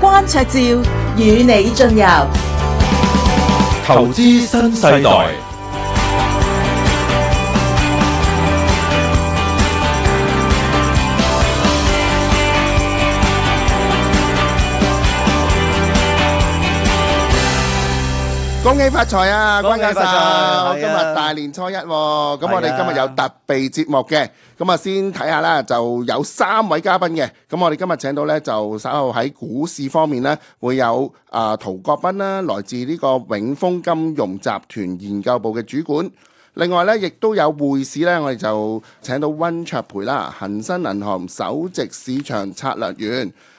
關焯照，與你盡遊。投資新世代。恭喜發財啊，財關教授！今日大年初一、啊，咁、啊、我哋今日有特別節目嘅，咁我、啊、先睇下啦，就有三位嘉賓嘅，咁我哋今日請到呢，就稍後喺股市方面呢，會有啊、呃、陶國斌啦、啊，來自呢個永豐金融集團研究部嘅主管，另外呢，亦都有匯市呢，我哋就請到温卓培啦，恒生銀行首席市場策略員。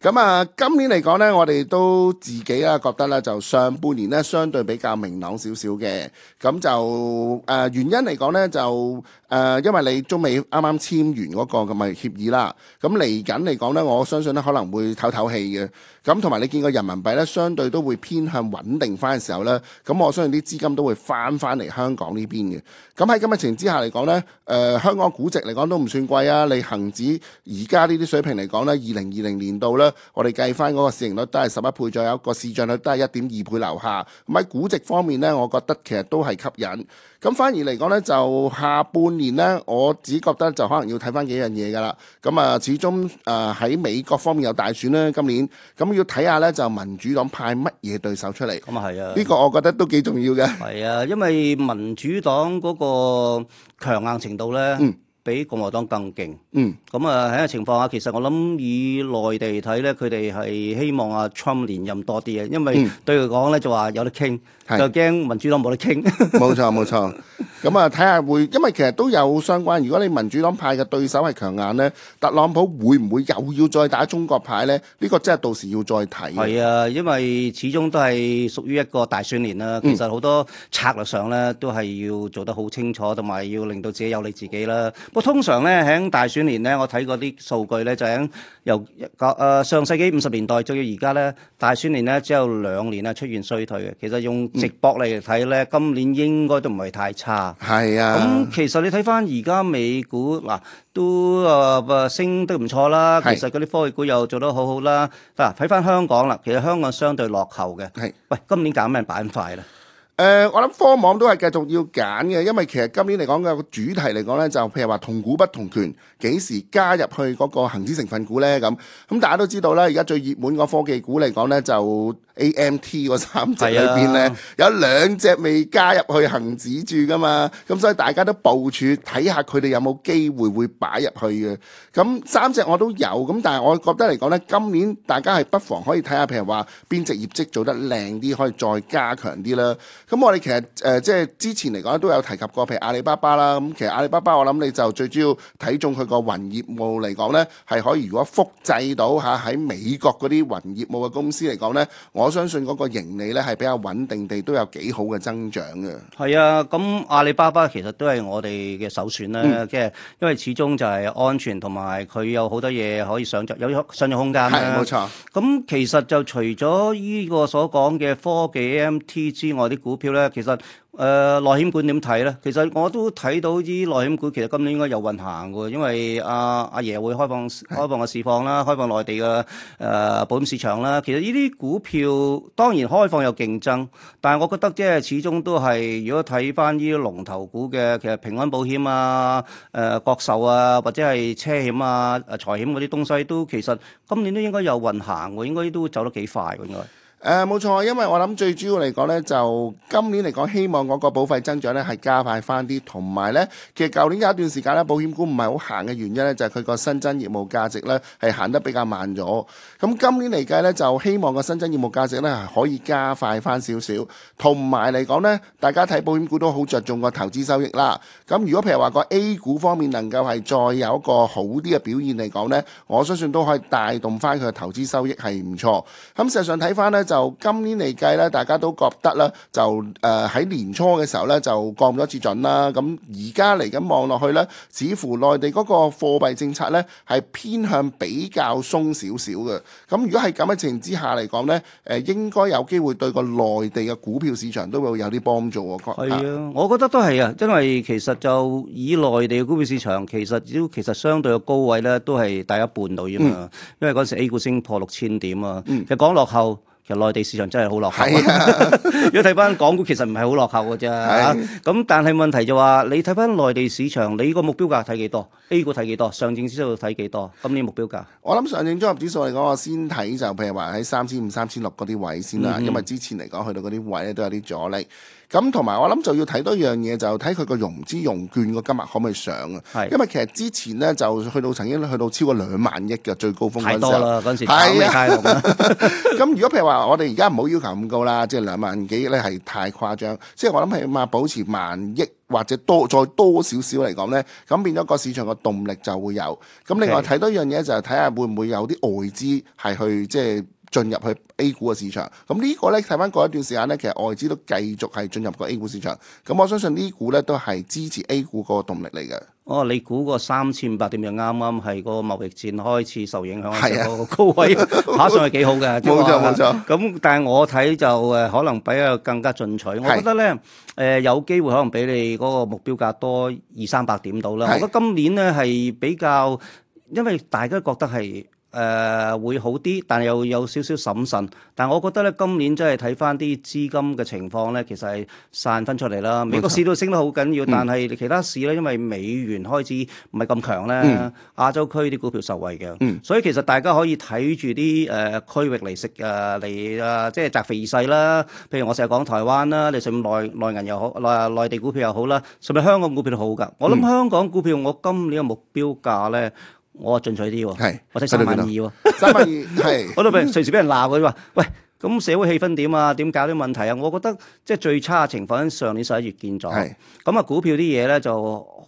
咁啊、嗯，今年嚟講呢，我哋都自己啦，覺得呢就上半年呢相對比較明朗少少嘅，咁、嗯、就誒、呃、原因嚟講呢就誒、呃、因為你中美啱啱簽完嗰個咁嘅協議啦，咁嚟緊嚟講呢，我相信咧可能會透透氣嘅，咁同埋你見個人民幣呢，相對都會偏向穩定翻嘅時候呢。咁、嗯、我相信啲資金都會翻翻嚟香港呢邊嘅，咁喺咁嘅情形之下嚟講呢，誒香港估值嚟講都唔算貴啊，你恒指而家呢啲水平嚟講呢，二零二零年。到啦，我哋計翻嗰個市盈率都係十一倍左右，一個市賬率都係一點二倍樓下。咁喺估值方面咧，我覺得其實都係吸引。咁反而嚟講咧，就下半年咧，我只覺得就可能要睇翻幾樣嘢噶啦。咁啊，始終誒喺美國方面有大選啦。今年咁要睇下咧，就民主黨派乜嘢對手出嚟。咁啊係啊，呢個我覺得都幾重要嘅。係、嗯、啊，因為民主黨嗰個強硬程度咧。嗯比共和黨更勁，咁啊喺個情況下，嗯，其實我諗以內地睇咧，佢哋係希望阿 Trump 連任多啲嘅，因為對佢講咧就話有得傾。是就驚民主黨冇得傾，冇錯冇錯。咁啊，睇下會，因為其實都有相關。如果你民主黨派嘅對手係強硬咧，特朗普會唔會又要再打中國牌咧？呢、呢個真係到時要再睇。係啊，因為始終都係屬於一個大選年啦。其實好多策略上咧，都係要做得好清楚，同埋要令到自己有利自己啦。不過通常咧，喺大選年咧，我睇過啲數據咧，就係由個上世紀五十年代，再到而家咧，大選年咧只有兩年啊出現衰退嘅。其實用直播嚟睇咧，今年應該都唔係太差。係啊，咁其實你睇返而家美股嗱都啊啊、呃、升得唔錯啦。其實嗰啲科技股又做得好好啦。嗱、啊，睇返香港啦，其實香港相對落後嘅。係，喂，今年揀咩板塊咧？誒、呃，我諗科網都係繼續要揀嘅，因為其實今年嚟講嘅主題嚟講呢，就譬如話同股不同權，幾時加入去嗰個恆指成分股呢？咁咁大家都知道啦，而家最熱門個科技股嚟講呢，就 AMT 嗰三隻裏邊呢，是啊、有兩隻未加入去恒指住噶嘛，咁所以大家都部署睇下佢哋有冇機會會擺入去嘅。咁三隻我都有，咁但係我覺得嚟講呢，今年大家係不妨可以睇下，譬如話邊隻業績做得靚啲，可以再加強啲啦。咁我哋其實誒即係之前嚟講都有提及過，譬如阿里巴巴啦。咁其實阿里巴巴我諗你就最主要睇中佢個雲業務嚟講咧，係可以如果複製到吓喺美國嗰啲雲業務嘅公司嚟講咧，我相信嗰個盈利咧係比較穩定地都有幾好嘅增長嘅。係啊，咁阿里巴巴其實都係我哋嘅首選啦，即係、嗯、因為始終就係安全同埋佢有好多嘢可以上著，有上著空間係啊，冇錯。咁其實就除咗呢個所講嘅科技 AMT 之外，啲股。票咧，其實誒、呃、內險股點睇咧？其實我都睇到啲內險股，其實今年應該有運行嘅，因為阿阿、呃、爺會開放開放嘅市放啦，開放內地嘅誒、呃、保險市場啦。其實呢啲股票當然開放有競爭，但係我覺得即係始終都係如果睇翻呢啲龍頭股嘅，其實平安保險啊、誒、呃、國壽啊，或者係車險啊、財險嗰啲東西都，都其實今年都應該有運行嘅，應該都走得幾快嘅應誒，冇錯，嗯，因為我諗最主要嚟講呢，就今年嚟講，希望嗰個保費增長呢係加快翻啲，同埋呢，其實舊年有一段時間呢，保險股唔係好行嘅原因呢，就係佢個新增業務價值呢係行得比較慢咗。咁今年嚟計呢，就希望個新增業務價值呢係可以加快翻少少，同埋嚟講呢，大家睇保險股都好着重個投資收益啦。咁如果譬如話個 A 股方面能夠係再有一個好啲嘅表現嚟講呢，我相信都可以帶動翻佢嘅投資收益係唔錯。咁事實上睇翻呢。就今年嚟計咧，大家都覺得啦，就誒喺年初嘅時候咧，就降咗次準啦。咁而家嚟緊望落去咧，似乎內地嗰個貨幣政策咧係偏向比較鬆少少嘅。咁如果係咁嘅情之下嚟講咧，誒應該有機會對個內地嘅股票市場都會有啲幫助喎。係啊，我覺得都係啊，因為其實就以內地嘅股票市場，其實都其實相對嘅高位咧，都係大一半到啫嘛。因為嗰時 A 股升破六千點啊。其實講落後。其實內地市場真係好落後，是啊、 如果睇翻港股其實唔係好落後嘅啫，咁但係問題就話你睇翻內地市場，你個目標價睇幾多？A 股睇幾多？上證指數睇幾多？今年目標價？我諗上證綜合指數嚟講，我先睇就譬如話喺三千五、三千六嗰啲位先啦，因為之前嚟講去到嗰啲位咧都有啲阻力。咁同埋我諗就要睇多樣嘢，就睇佢個融資融券個金額可唔可以上啊？是因為其實之前咧就去到曾經去到超過兩萬億嘅最高峰嗰時，太多啦，嗰陣時炒，炒咁是、啊、 如果譬如話我哋而家唔好要求咁高啦，即係兩萬幾咧係太誇張。即係我諗起碼保持萬億或者多再多少少嚟講咧，咁變咗個市場個動力就會有。咁另外睇 Okay. 多樣嘢就係睇下會唔會有啲外資係去即係。進入去 A 股嘅市場，咁呢個呢睇翻過一段時間呢，其實外資都繼續係進入個 A 股市場，咁我相信呢股呢都係支持 A 股個動力嚟嘅。哦，你估個三千五百點就啱啱係個貿易戰開始受影響嗰個高位，爬上去幾好嘅。冇錯冇錯，咁但係我睇就誒可能比佢更加進取，我覺得呢誒有機會可能比你嗰個目標價多二三百點到啦。我覺得今年呢係比較，因為大家覺得係。誒、呃，會好啲，但係又有少少審慎。但係我覺得咧，今年真係睇翻啲資金嘅情況咧，其實係散分出嚟啦。錯美國市都升得好緊要，嗯、但係其他市咧，因為美元開始唔係咁強咧，亞、嗯、洲區啲股票受惠嘅。嗯、所以其實大家可以睇住啲誒區域嚟食誒嚟啊，即係擇肥而噬啦。譬如我成日講台灣啦，你甚至內內銀又好，內內地股票又好啦，甚至香港股票都好噶。我諗香港股票我今年嘅目標價咧。嗯嗯我啊進取啲喎，我睇三萬二喎，三萬二係我都俾隨時俾人鬧，佢話：喂，咁社會氣氛點啊？點搞啲問題啊？我覺得即係最差嘅情況喺上年十一月見咗。咁啊，股票啲嘢咧就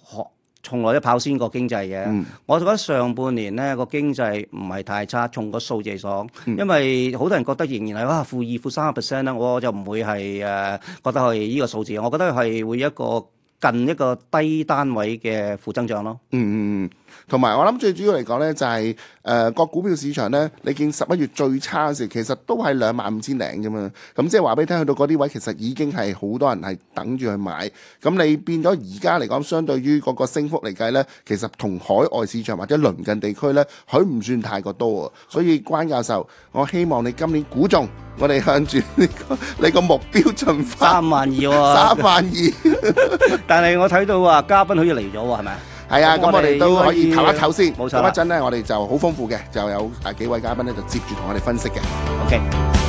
從來都跑先過經濟嘅。我覺得上半年咧個經濟唔係太差，從個數字嚟講，因為好多人覺得仍然係啊負二負三 percent 咧，我就唔會係誒覺得係依個數字。我覺得係會一個近一個低單位嘅負增長咯。嗯嗯嗯。同埋我諗最主要嚟講呢，就係誒個股票市場呢，你見十一月最差嗰時，其實都係兩萬五千零啫嘛。咁即係話俾你聽，去到嗰啲位，其實已經係好多人係等住去買。咁你變咗而家嚟講，相對於嗰個升幅嚟計呢，其實同海外市場或者鄰近地區呢，佢唔算太過多啊。所以關教授，我希望你今年估中，我哋向住你個目標進發。三萬二喎，三萬二。但係我睇到話，嘉賓好似嚟咗喎，係咪啊？係啊，咁、嗯嗯、我哋都可以唞一唞先。冇錯，咁一陣咧，我哋就好豐富嘅，就有誒幾位嘉賓咧，就接住同我哋分析嘅。OK。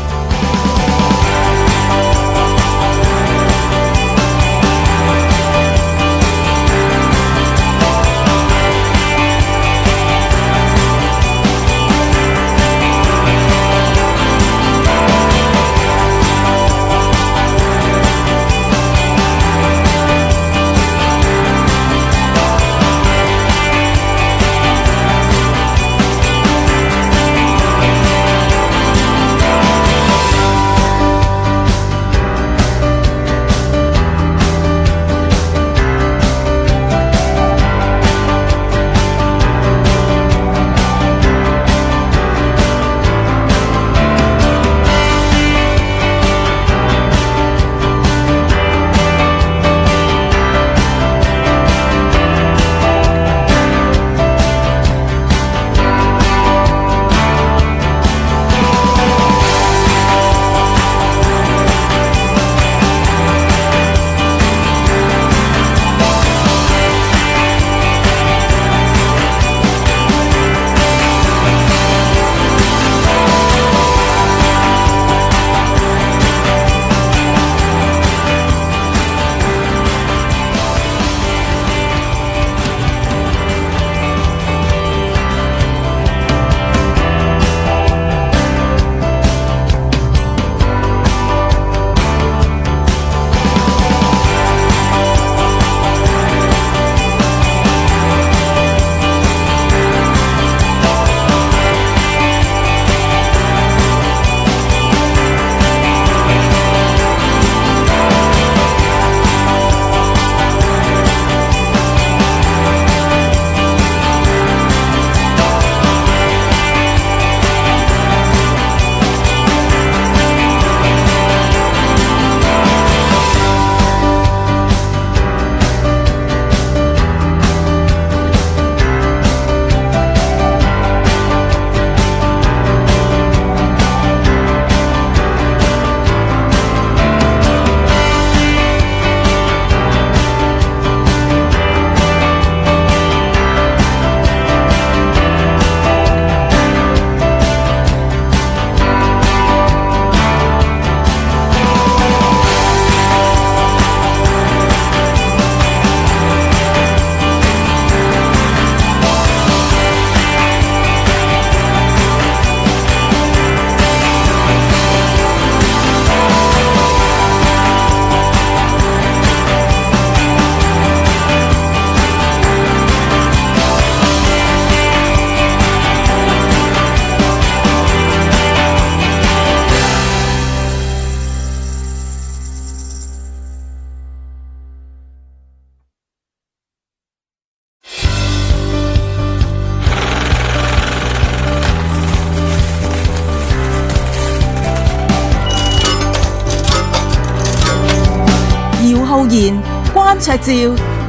焯照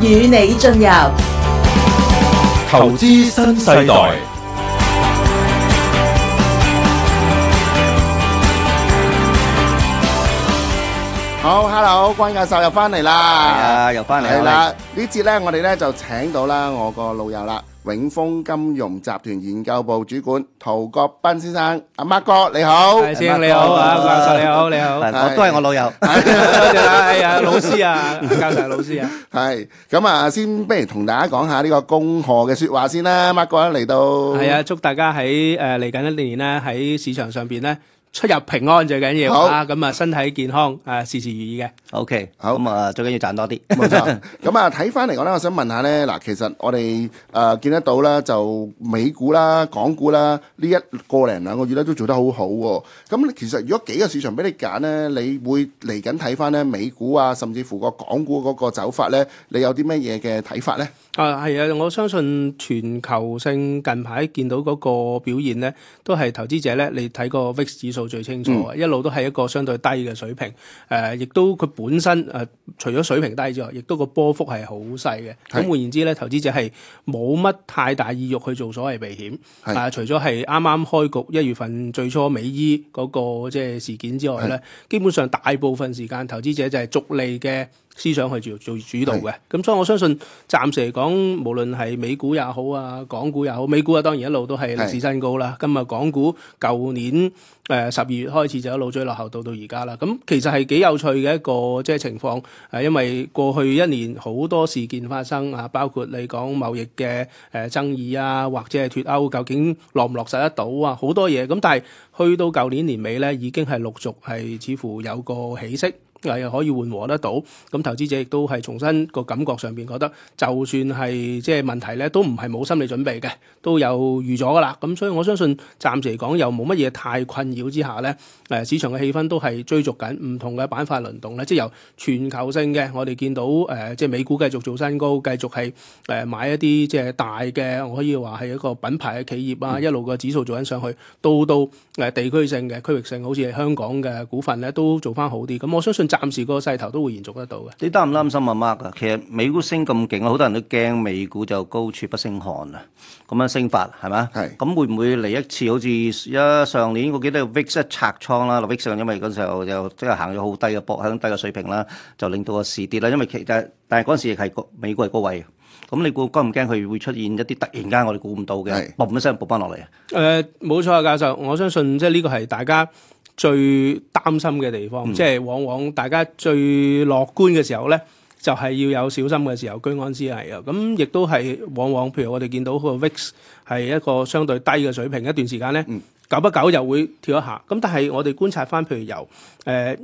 與你進游，投資新世代。好，hello，關教授又翻嚟啦，啊，又翻嚟啦。呢節咧，我哋咧就請到啦我個老友啦。永豐金融集團研究部主管陶國斌先生，阿孖哥，你好。先生你好，教授你好，你好，我都係我老友，係啊老師啊，教授老師啊，係咁啊，先不如同大家講下呢個恭賀嘅說話先啦，孖哥嚟到，係啊，祝大家喺誒嚟緊一年咧喺市場上邊咧，出入平安最緊要啊！咁啊好，身體健康啊，事事如意嘅。OK，好咁啊、嗯，最緊要賺多啲。冇 錯，咁啊，睇翻嚟講咧，我想問下咧嗱，其實我哋誒見得到啦，就美股啦、港股啦呢一,一個零兩個月咧都做得好好喎。咁、嗯、其實如果幾個市場俾你揀咧，你會嚟緊睇翻咧美股啊，甚至乎個港股嗰個走法咧，你有啲乜嘢嘅睇法咧？啊，係啊！我相信全球性近排見到嗰個表現咧，都係投資者咧，你睇個 VIX 指數最清楚，嗯、一路都係一個相對低嘅水平。誒、呃，亦都佢本身誒、呃，除咗水平低之外，亦都個波幅係好細嘅。咁是換言之咧，投資者係冇乜太大意欲去做所謂避險。是啊，除咗係啱啱開局一月份最初美伊嗰個即係事件之外咧，是基本上大部分時間投資者就係逐利嘅。思想去做做主導嘅。咁是所以我相信暫時嚟講，無論係美股也好啊，港股也好，美股啊當然一路都係歷史新高啦。是今日港股舊年誒十二月開始就一路追落後，到到而家啦。咁其實係幾有趣嘅一個即係、就是、情況，係、啊、因為過去一年好多事件發生啊，包括你講貿易嘅誒、呃、爭議啊，或者係脫歐究竟落唔落實得到啊，好多嘢咁。但係去到舊年，年年尾咧，已經係陸續係似乎有個起色。又可以緩和得到，咁投資者亦都係重新個感覺上邊覺得，就算係即係問題咧，都唔係冇心理準備嘅，都有預咗㗎啦。咁所以我相信暫時嚟講又冇乜嘢太困擾之下咧，誒市場嘅氣氛都係追逐緊唔同嘅板塊輪動咧，即係由全球性嘅，我哋見到誒即係美股繼續做新高，繼續係誒買一啲即係大嘅，我可以話係一個品牌嘅企業啊，嗯、一路個指數做緊上去，到到誒地區性嘅區域性，好似係香港嘅股份咧都做翻好啲。咁我相信。暫時個勢頭都會延續得到嘅。你擔唔擔心啊 Mark 啊？其實美股升咁勁啊，好多人都驚美股就高處不勝寒啊。咁樣升法係嘛？係。咁會唔會嚟一次好似一上年我記得 Vix 一拆倉啦，Vix 上因為嗰時候就即係行咗好低嘅波喺低嘅水平啦，就令到個市跌啦。因為其實但係嗰時係個美股係高位，咁你估驚唔驚佢會出現一啲突然間我哋估唔到嘅，嘣一聲爆翻落嚟？誒，冇錯啊，教授，我相信即係呢個係大家。最擔心嘅地方，嗯、即係往往大家最樂觀嘅時候咧，就係、是、要有小心嘅時候居安思危啊！咁、嗯、亦、嗯、都係往往，譬如我哋見到個 VIX 係一個相對低嘅水平，一段時間咧，久不久又會跳一下。咁但係我哋觀察翻，譬如由誒。呃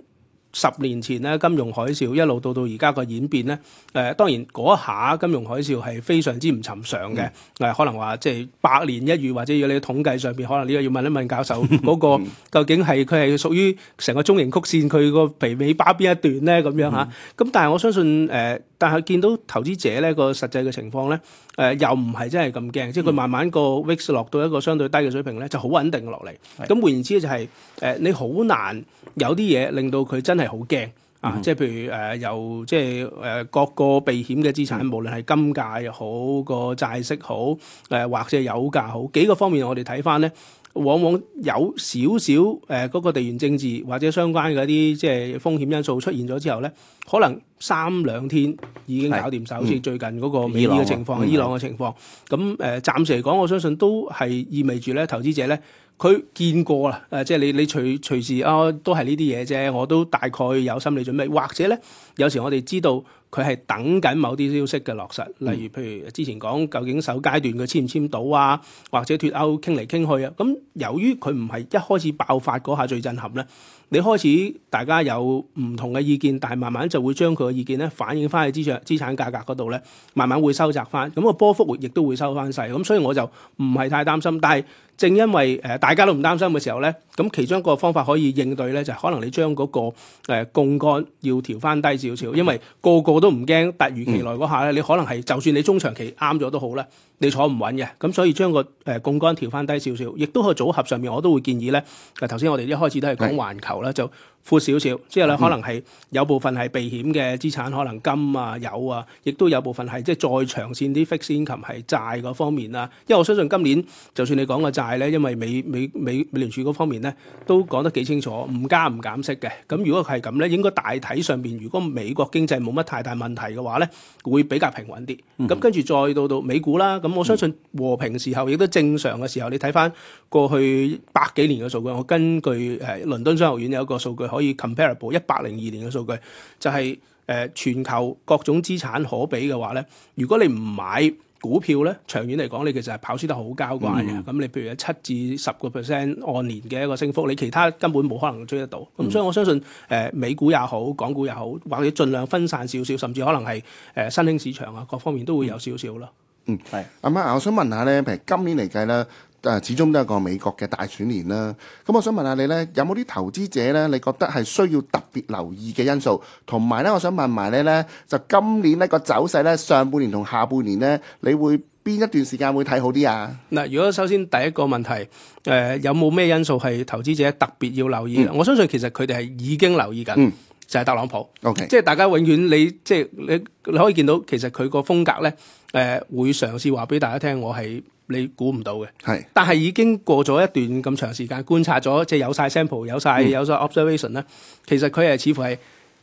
十年前咧，金融海嘯一路到到而家個演變咧，誒、呃、當然嗰下金融海嘯係非常之唔尋常嘅，誒、嗯、可能話即係百年一遇，或者要你統計上邊，可能呢個要問一問教授嗰、嗰個、嗯、究竟係佢係屬於成個中型曲線，佢個肥尾巴邊一段咧咁樣吓，咁、嗯、但係我相信誒。呃但係見到投資者咧個實際嘅情況咧，誒、呃、又唔係真係咁驚，嗯、即係佢慢慢個 Vix 落到一個相對低嘅水平咧，就好穩定落嚟。咁是換言之就係、是、誒、呃、你好難有啲嘢令到佢真係好驚啊！嗯、即係譬如誒、呃、由即係誒、呃、各個避險嘅資產，嗯、無論係金價又好，個債息好，誒、呃、或者油價好，幾個方面我哋睇翻咧。往往有少少誒嗰、呃那個地緣政治或者相關嘅一啲即係風險因素出現咗之後咧，可能三兩天已經搞掂曬，好似是最近嗰個美伊嘅情況，嗯、伊朗嘅、啊嗯、情況，咁誒暫時嚟講我相信都係意味住咧，投資者咧佢見過啦。誒、呃、即係你你隨隨時啊都係呢啲嘢啫，我都大概有心理準備，或者咧，有時我哋知道。佢係等緊某啲消息嘅落實，例如譬如之前講究竟首階段佢簽唔簽到啊，或者脫歐傾嚟傾去啊，咁由於佢唔係一開始爆發嗰下最震撼咧，你開始大家有唔同嘅意見，但係慢慢就會將佢嘅意見咧反映翻去資產資產價格嗰度咧，慢慢會收窄翻，咁個波幅亦都會收翻細，咁所以我就唔係太擔心，但係。正因為誒大家都唔擔心嘅時候咧，咁其中一個方法可以應對咧，就係可能你將嗰個誒槓桿要調翻低少少，因為個個都唔驚突如其來嗰下咧，你可能係就算你中長期啱咗都好啦，你坐唔穩嘅，咁所以將個誒槓桿調翻低少少，亦都可以組合上面我都會建議咧。頭先我哋一開始都係講環球啦，就。闊少少，即係咧可能係有部分係避險嘅資產，可能金啊、油啊，亦都有部分係即係再長線啲 fixed income 係債嗰方面啦、啊。因為我相信今年就算你講個債咧，因為美美美美聯儲嗰方面咧都講得幾清楚，唔加唔減息嘅。咁如果係咁咧，應該大體上面如果美國經濟冇乜太大問題嘅話咧，會比較平穩啲。咁、嗯、跟住再到到美股啦。咁我相信和平時候亦都正常嘅時候，你睇返過去百幾年嘅數據，我根據誒倫敦商學院有一個數據。可以 comparable 一百零二年嘅數據，就係誒全球各種資產可比嘅話咧，如果你唔買股票咧，長遠嚟講你其實係跑輸得好交關嘅。咁、嗯、你譬如七至十個 percent 按年嘅一個升幅，你其他根本冇可能追得到。咁、嗯、所以我相信誒美股也好，港股也好，或者儘量分散少少，甚至可能係誒新興市場啊各方面都會有少少咯。嗯，係的。咁啊、嗯，我想問下咧，譬如今年嚟計咧。誒始終都係個美國嘅大選年啦，咁、嗯、我想問下你咧，有冇啲投資者咧，你覺得係需要特別留意嘅因素？同埋咧，我想問埋你咧，就今年呢個走勢咧，上半年同下半年咧，你會邊一段時間會睇好啲啊？嗱，如果首先第一個問題，誒、呃、有冇咩因素係投資者特別要留意？嗯、我相信其實佢哋係已經留意緊，嗯、就係特朗普。O.K.，即係大家永遠你即係你你可以見到，其實佢個風格咧，誒、呃、會嘗試話俾大家聽，我係。你估唔到嘅，係，但係已經過咗一段咁長時間觀察咗，即係有晒 sample 有晒有曬 observation 咧，其實佢誒似乎係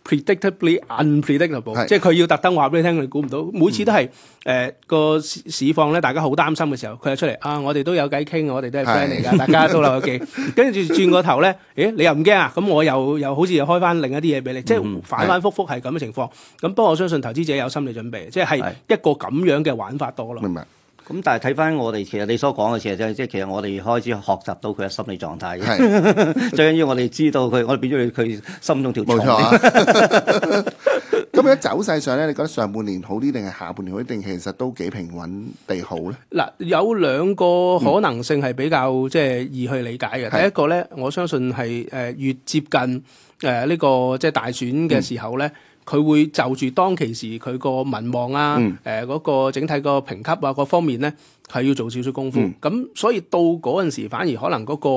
predictably unpredictable，即係佢要特登話俾你聽，你估唔到，每次都係誒個市市況咧，大家好擔心嘅時候，佢又出嚟啊！我哋都有偈傾，我哋都係 friend 嚟噶，大家都留有記。跟住轉個頭咧，誒你又唔驚啊？咁我又又好似又開翻另一啲嘢俾你，即係反反覆覆係咁嘅情況。咁不過我相信投資者有心理準備，即係一個咁樣嘅玩法多咯。明白。咁但係睇翻我哋，其實你所講嘅其實即係其實我哋開始學習到佢嘅心理狀態。是啊、 最緊要我哋知道佢，我哋變咗佢心中條蟲。冇錯。咁喺走勢上咧，你覺得上半年好啲定係下半年好，定其實都幾平穩地好咧？嗱，有兩個可能性係比較即係易去理解嘅。嗯、第一個咧，我相信係誒越接近誒呢個即係大選嘅時候咧。嗯嗯佢會就住當其時，佢個民望啊，誒、嗯呃，嗰個整體個評級啊，各方面咧。係要做少少功夫，咁、嗯嗯、所以到嗰陣時，反而可能嗰、那個、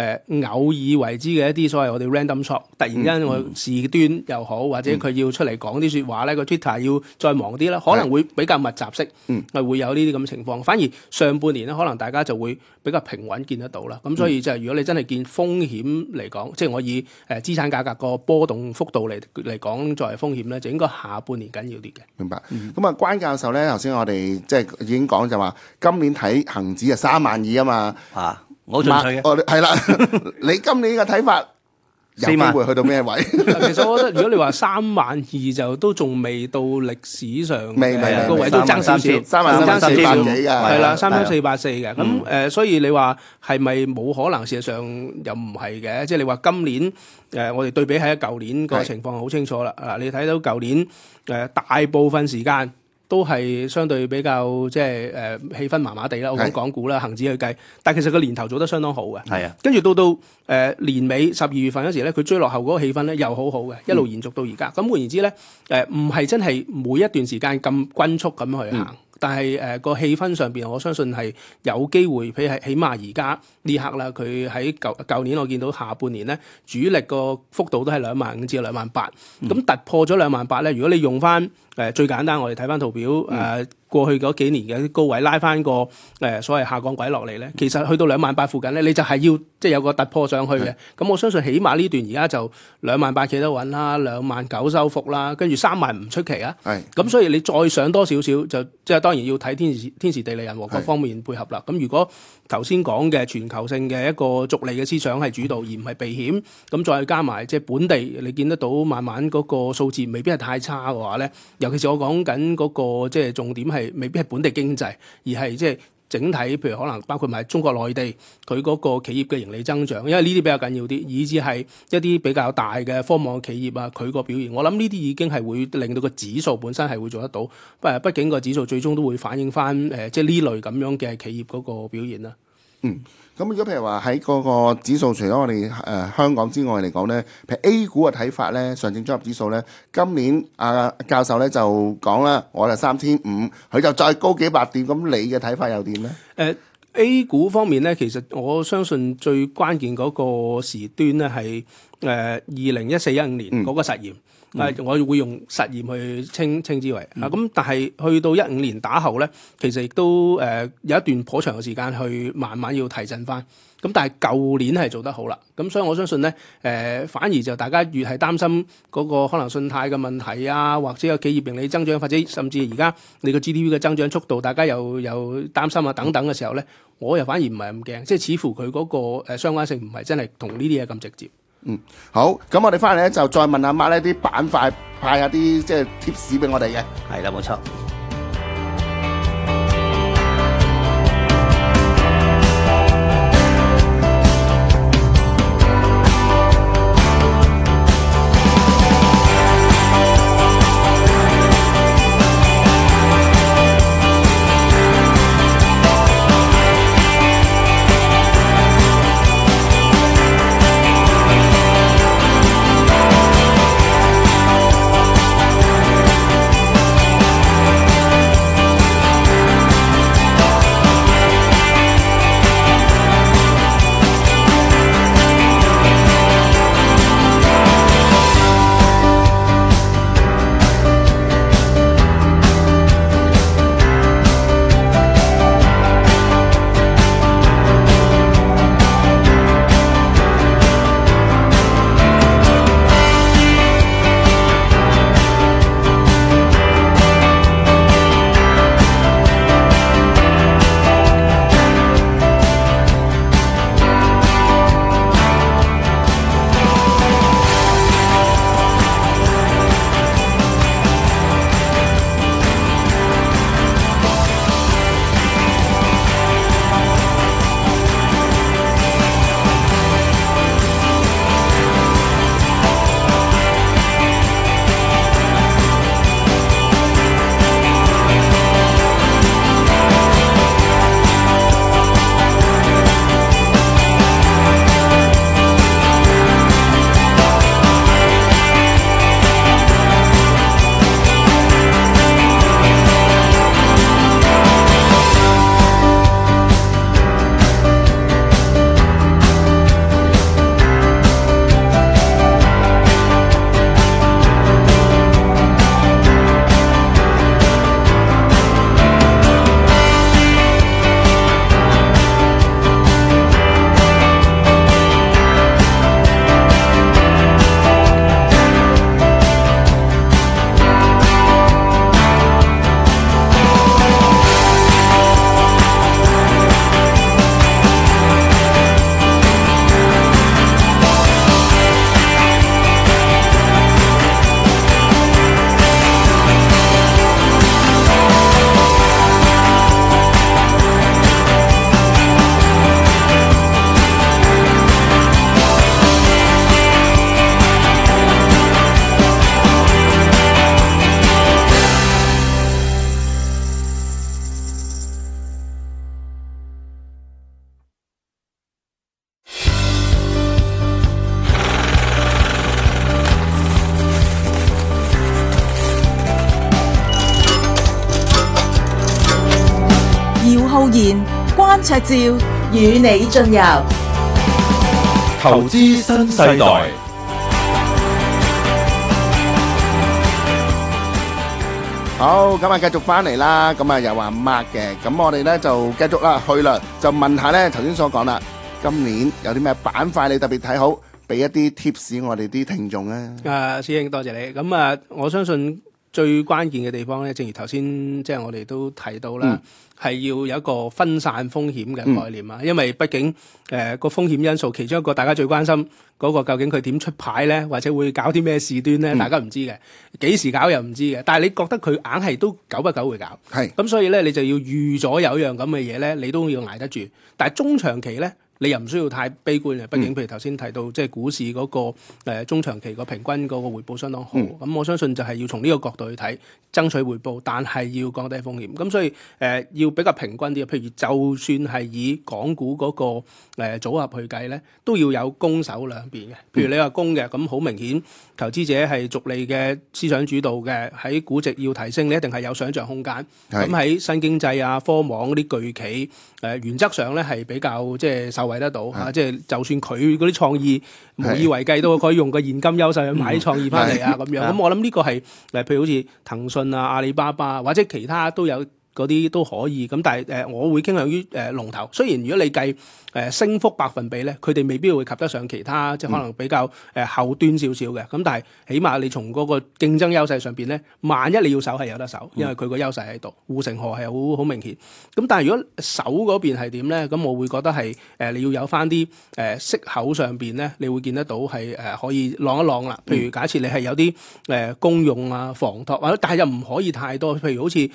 呃、偶爾為之嘅一啲所謂我哋 random shock 突然間我事端又好，或者佢要出嚟講啲説話咧，個、嗯、Twitter 要再忙啲啦，可能會比較密集式，係、嗯、會有呢啲咁情況。反而上半年咧，可能大家就會比較平穩見得到啦。咁、嗯嗯、所以就係如果你真係見風險嚟講，即、就、係、是、我以誒資產價格個波動幅度嚟嚟講作為風險咧，就應該下半年緊要啲嘅。明白。咁啊，關教授咧，頭先我哋即係已經講就話今年睇恒指啊三萬二啊嘛，啊我仲睇嘅，係啦，你今年嘅睇法，四萬會去到咩位？其實我覺得，如果你話三萬二就都仲未到歷史上未未個位都爭少少，爭少少，係啦，三千四百四嘅，咁誒，所以你話係咪冇可能？事實上又唔係嘅，即係你話今年誒，我哋對比喺舊年個情況好清楚啦。啊，你睇到舊年誒大部分時間。都係相對比較即係誒氣氛麻麻地啦，的我講港股啦，恆指去計，但係其實個年頭做得相當好嘅，係啊的，跟住到到誒、呃、年尾十二月份嗰時咧，佢追落後嗰個氣氛咧又好好嘅，一路延續到而家。咁、嗯、換言之咧，誒唔係真係每一段時間咁均速咁去行。嗯但係誒、呃，那個氣氛上面，我相信係有機會。譬起碼而家呢刻啦，佢喺舊舊年我見到下半年咧，主力個幅度都係兩萬五至兩萬八，咁突破咗兩萬八咧。如果你用翻誒、呃、最簡單，我哋睇翻圖表誒。呃嗯過去嗰幾年嘅高位拉翻個誒，所謂下降軌落嚟咧，其實去到兩萬八附近咧，你就係要即係，就係，有個突破上去嘅。咁是的 我相信起碼呢段而家就兩萬八企得穩啦，兩萬九收復啦，跟住三萬唔出奇啊。咁是的 所以你再上多少少就即係當然要睇天時天時地利人和各方面配合啦。咁是的 如果頭先講嘅全球性嘅一個逐利嘅思想係主導，而唔係避險。咁再加埋即係本地，你見得到慢慢嗰個數字未必係太差嘅話咧。尤其是我講緊嗰個即係重點係未必係本地經濟，而係即係。整體，譬如可能包括埋中國內地佢嗰個企業嘅盈利增長，因為呢啲比較緊要啲，以至係一啲比較大嘅科網企業啊，佢個表現，我諗呢啲已經係會令到個指數本身係會做得到。不過，畢竟個指數最終都會反映翻誒，即係呢類咁樣嘅企業嗰個表現啦。嗯。咁如果譬如話喺嗰個指數，除咗我哋誒、呃、香港之外嚟講咧，譬如 A 股嘅睇法咧，上證綜合指數咧，今年阿、呃、教授咧就講啦，我哋三千五，佢就再高幾百點，咁你嘅睇法又點咧？誒、呃、A 股方面咧，其實我相信最關鍵嗰個時段咧係誒二零一四、一五年嗰個實驗、嗯。係，我會用實驗去稱稱之為啊。咁但係去到一五年打後咧，其實亦都誒有一段頗長嘅時間去慢慢要提振翻。咁但係舊年係做得好啦。咁所以我相信咧，誒、呃、反而就大家越係擔心嗰個可能信貸嘅問題啊，或者個企業盈利增長，或者甚至而家你個 GDP 嘅增長速度，大家又有，有擔心啊等等嘅時候咧，我又反而唔係咁驚。即係似乎佢嗰個相關性唔係真係同呢啲嘢咁直接。嗯，好，咁我哋翻嚟咧就再問阿媽呢啲板塊派下啲即係貼士俾我哋嘅，係啦冇錯。拍照與你進遊，投資新世代。好，咁啊，繼續翻嚟啦。咁啊，又話 mark 嘅。咁我哋咧就繼續啦，去啦。就問下咧，頭先所講啦，今年有啲咩板塊你特別睇好，俾一啲 tips 我哋啲聽眾咧。誒，師兄多謝你。咁啊，我相信最關鍵嘅地方咧，正如頭先即係我哋都睇到啦。係要有一個分散風險嘅概念啊，嗯、因為畢竟誒個、呃、風險因素，其中一個大家最關心嗰、嗰個究竟佢點出牌咧，或者會搞啲咩事端咧，大家唔知嘅，幾、嗯、時搞又唔知嘅。但係你覺得佢硬係都久不久會搞，係咁是、嗯，所以咧你就要預咗有一樣咁嘅嘢咧，你都要捱得住。但係中長期咧。你又唔需要太悲觀嘅，畢竟譬如頭先提到即係股市嗰、那個、呃、中長期個平均嗰個回報相當好，咁、嗯、我相信就係要從呢個角度去睇，爭取回報，但係要降低風險。咁所以誒、呃、要比較平均啲，譬如就算係以港股嗰、那個誒、呃、組合去計咧，都要有攻守兩邊嘅。譬如你話攻嘅，咁好明顯投資者係逐利嘅思想主導嘅，喺估值要提升，你一定係有想象空間。咁喺是新經濟啊、科網嗰啲巨企誒、呃，原則上咧係比較即係、就是、受。睇得到吓，即係就算佢嗰啲創意無以為繼，都可以用個現金優勢去買啲創意翻嚟啊咁樣，咁我諗呢個係，譬如好似騰訊啊、阿里巴巴或者其他都有。嗰啲都可以，咁但係誒、呃、我會傾向於誒龍、呃、頭，雖然如果你計誒、呃、升幅百分比咧，佢哋未必會及得上其他，即係可能比較誒、呃、後端少少嘅。咁但係起碼你從嗰個競爭優勢上邊咧，萬一你要守係有得守，因為佢個優勢喺度，護城河係好好明顯，咁但係如果守嗰邊係點咧，咁我會覺得係誒、呃、你要有翻啲誒息口上邊咧，你會見得到係誒、呃、可以晾一晾啦。譬如假設你係有啲誒公用啊、房託或者但係又唔可以太多。譬如好似誒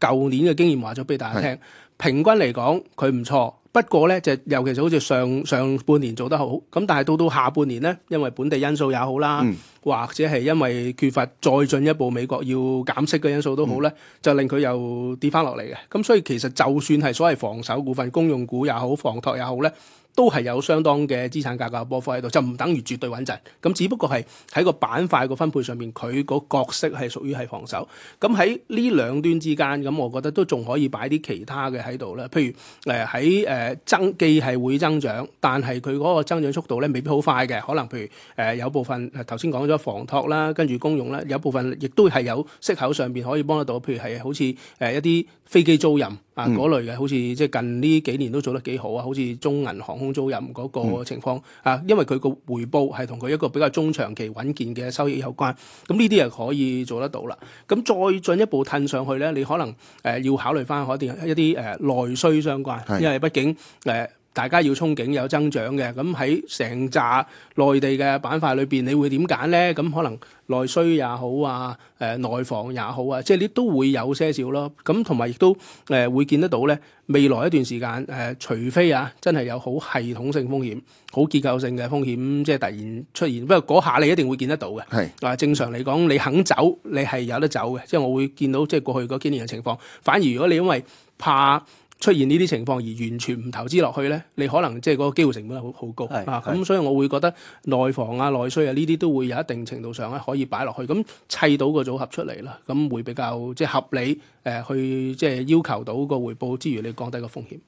舊。年嘅經驗話咗俾大家聽，是的 平均嚟講佢唔錯。不過咧，就尤其是好似上上半年做得好，咁但係到到下半年咧，因為本地因素也好啦，嗯、或者係因為缺乏再進一步美國要減息嘅因素都好咧，嗯、就令佢又跌翻落嚟嘅。咁所以其實就算係所謂防守股份、公用股也好、房託也好咧，都係有相當嘅資產價格波幅喺度，就唔等於絕對穩陣。咁只不過係喺個板塊個分配上面，佢個角色係屬於係防守。咁喺呢兩端之間，咁我覺得都仲可以擺啲其他嘅喺度啦。譬如誒喺誒增，既係會增長，但係佢嗰個增長速度咧未必好快嘅。可能譬如誒有部分頭先講咗房託啦，跟住公用啦，有部分亦都係有息口上邊可以幫得到。譬如係好似誒一啲，飛機租賃啊，嗰類嘅好似即係近呢幾年都做得幾好啊，好似中銀航空租賃嗰個情況、嗯、啊，因為佢個回報係同佢一個比較中長期穩健嘅收益有關，咁呢啲係可以做得到啦。咁再進一步褪上去咧，你可能誒、呃、要考慮翻可能一啲誒、呃、內需相關，的因為畢竟誒。呃大家要憧憬有增長嘅，咁喺成扎內地嘅板塊裏邊，你會點揀咧？咁可能內需也好啊，誒、呃、內房也好啊，即係呢都會有些少咯。咁同埋亦都誒、呃、會見得到咧。未來一段時間誒、呃，除非啊真係有好系統性風險、好結構性嘅風險，即係突然出現，不過嗰下你一定會見得到嘅。係啊是，正常嚟講，你肯走，你係有得走嘅。即係我會見到即係過去嗰幾年嘅情況。反而如果你因為怕，出現呢啲情況而完全唔投資落去呢，你可能即係個機會成本好好高啊！咁所以我會覺得內房啊、內需啊呢啲都會有一定程度上咧可以擺落去，咁砌到個組合出嚟啦，咁會比較即係、就是、合理、呃、去即係、就是、要求到個回報之餘，你降低個風險。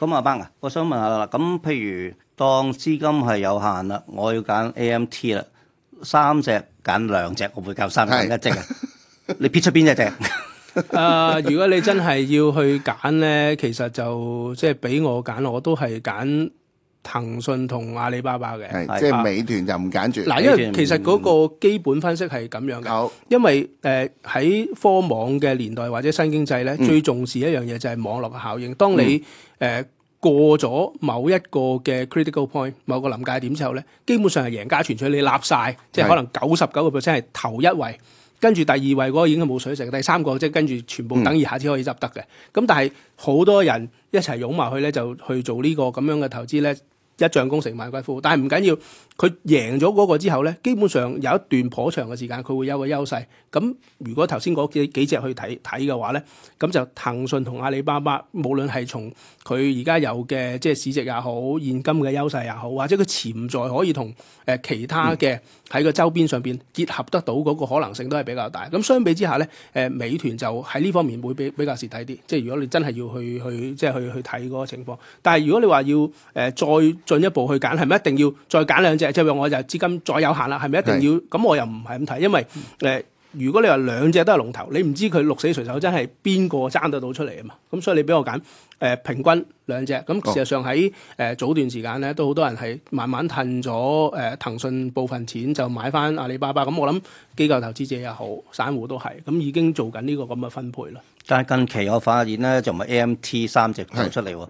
咁阿班啊，我想問下啦，咁譬如當資金係有限啦，我要揀 AMT 啦，三隻揀兩隻，我會夠三揀是一隻啊？ 你撇出邊一隻？ 啊！ uh, 如果你真係要去揀咧，其實就即係俾我揀，我都係揀騰訊同阿里巴巴嘅，即係美團就唔揀住。嗱、啊，因為其實嗰個基本分析係咁樣嘅，好因為誒喺、呃、科網嘅年代或者新經濟咧，嗯、最重視一樣嘢就係網絡嘅效應。當你誒、嗯呃、過咗某一個嘅 critical point，某個臨界點之後咧，基本上係贏家全取，你立晒的，即係可能九十九個 percent 係頭一位。跟住第二位嗰個已經係冇水食，第三個即係跟住全部等於下次可以執得嘅。咁、嗯、但係好多人一齊擁埋去咧，就去做這個這呢個咁樣嘅投資咧。一仗功成萬骨枯，但係唔緊要，佢贏咗嗰個之後咧，基本上有一段頗長嘅時間，佢會有個優勢。咁如果頭先嗰幾幾隻去睇睇嘅話咧，咁就騰訊同阿里巴巴，無論係從佢而家有嘅即係市值也好，現金嘅優勢也好，或者佢潛在可以同誒其他嘅喺個周邊上邊結合得到嗰個可能性都係比較大。咁相比之下咧，誒、呃、美團就喺呢方面會比比較蝕底啲。即係如果你真係要去去即係去去睇嗰個情況，但係如果你話要誒、呃、再進一步去揀係咪一定要再揀兩隻？即係我就資金再有限啦，係咪一定要？咁是我又唔係咁睇，因為誒、呃，如果你話兩隻都係龍頭，你唔知佢六死隨手真係邊個爭得到出嚟啊嘛？咁所以你俾我揀誒、呃，平均兩隻。咁事實上喺誒、呃、早段時間咧，都好多人係慢慢褪咗誒騰訊部分錢，就買翻阿里巴巴。咁我諗機構投資者也好，散戶都係咁已經做緊呢個咁嘅分配啦。但係近期我發現咧，就咪 AMT 三隻出嚟。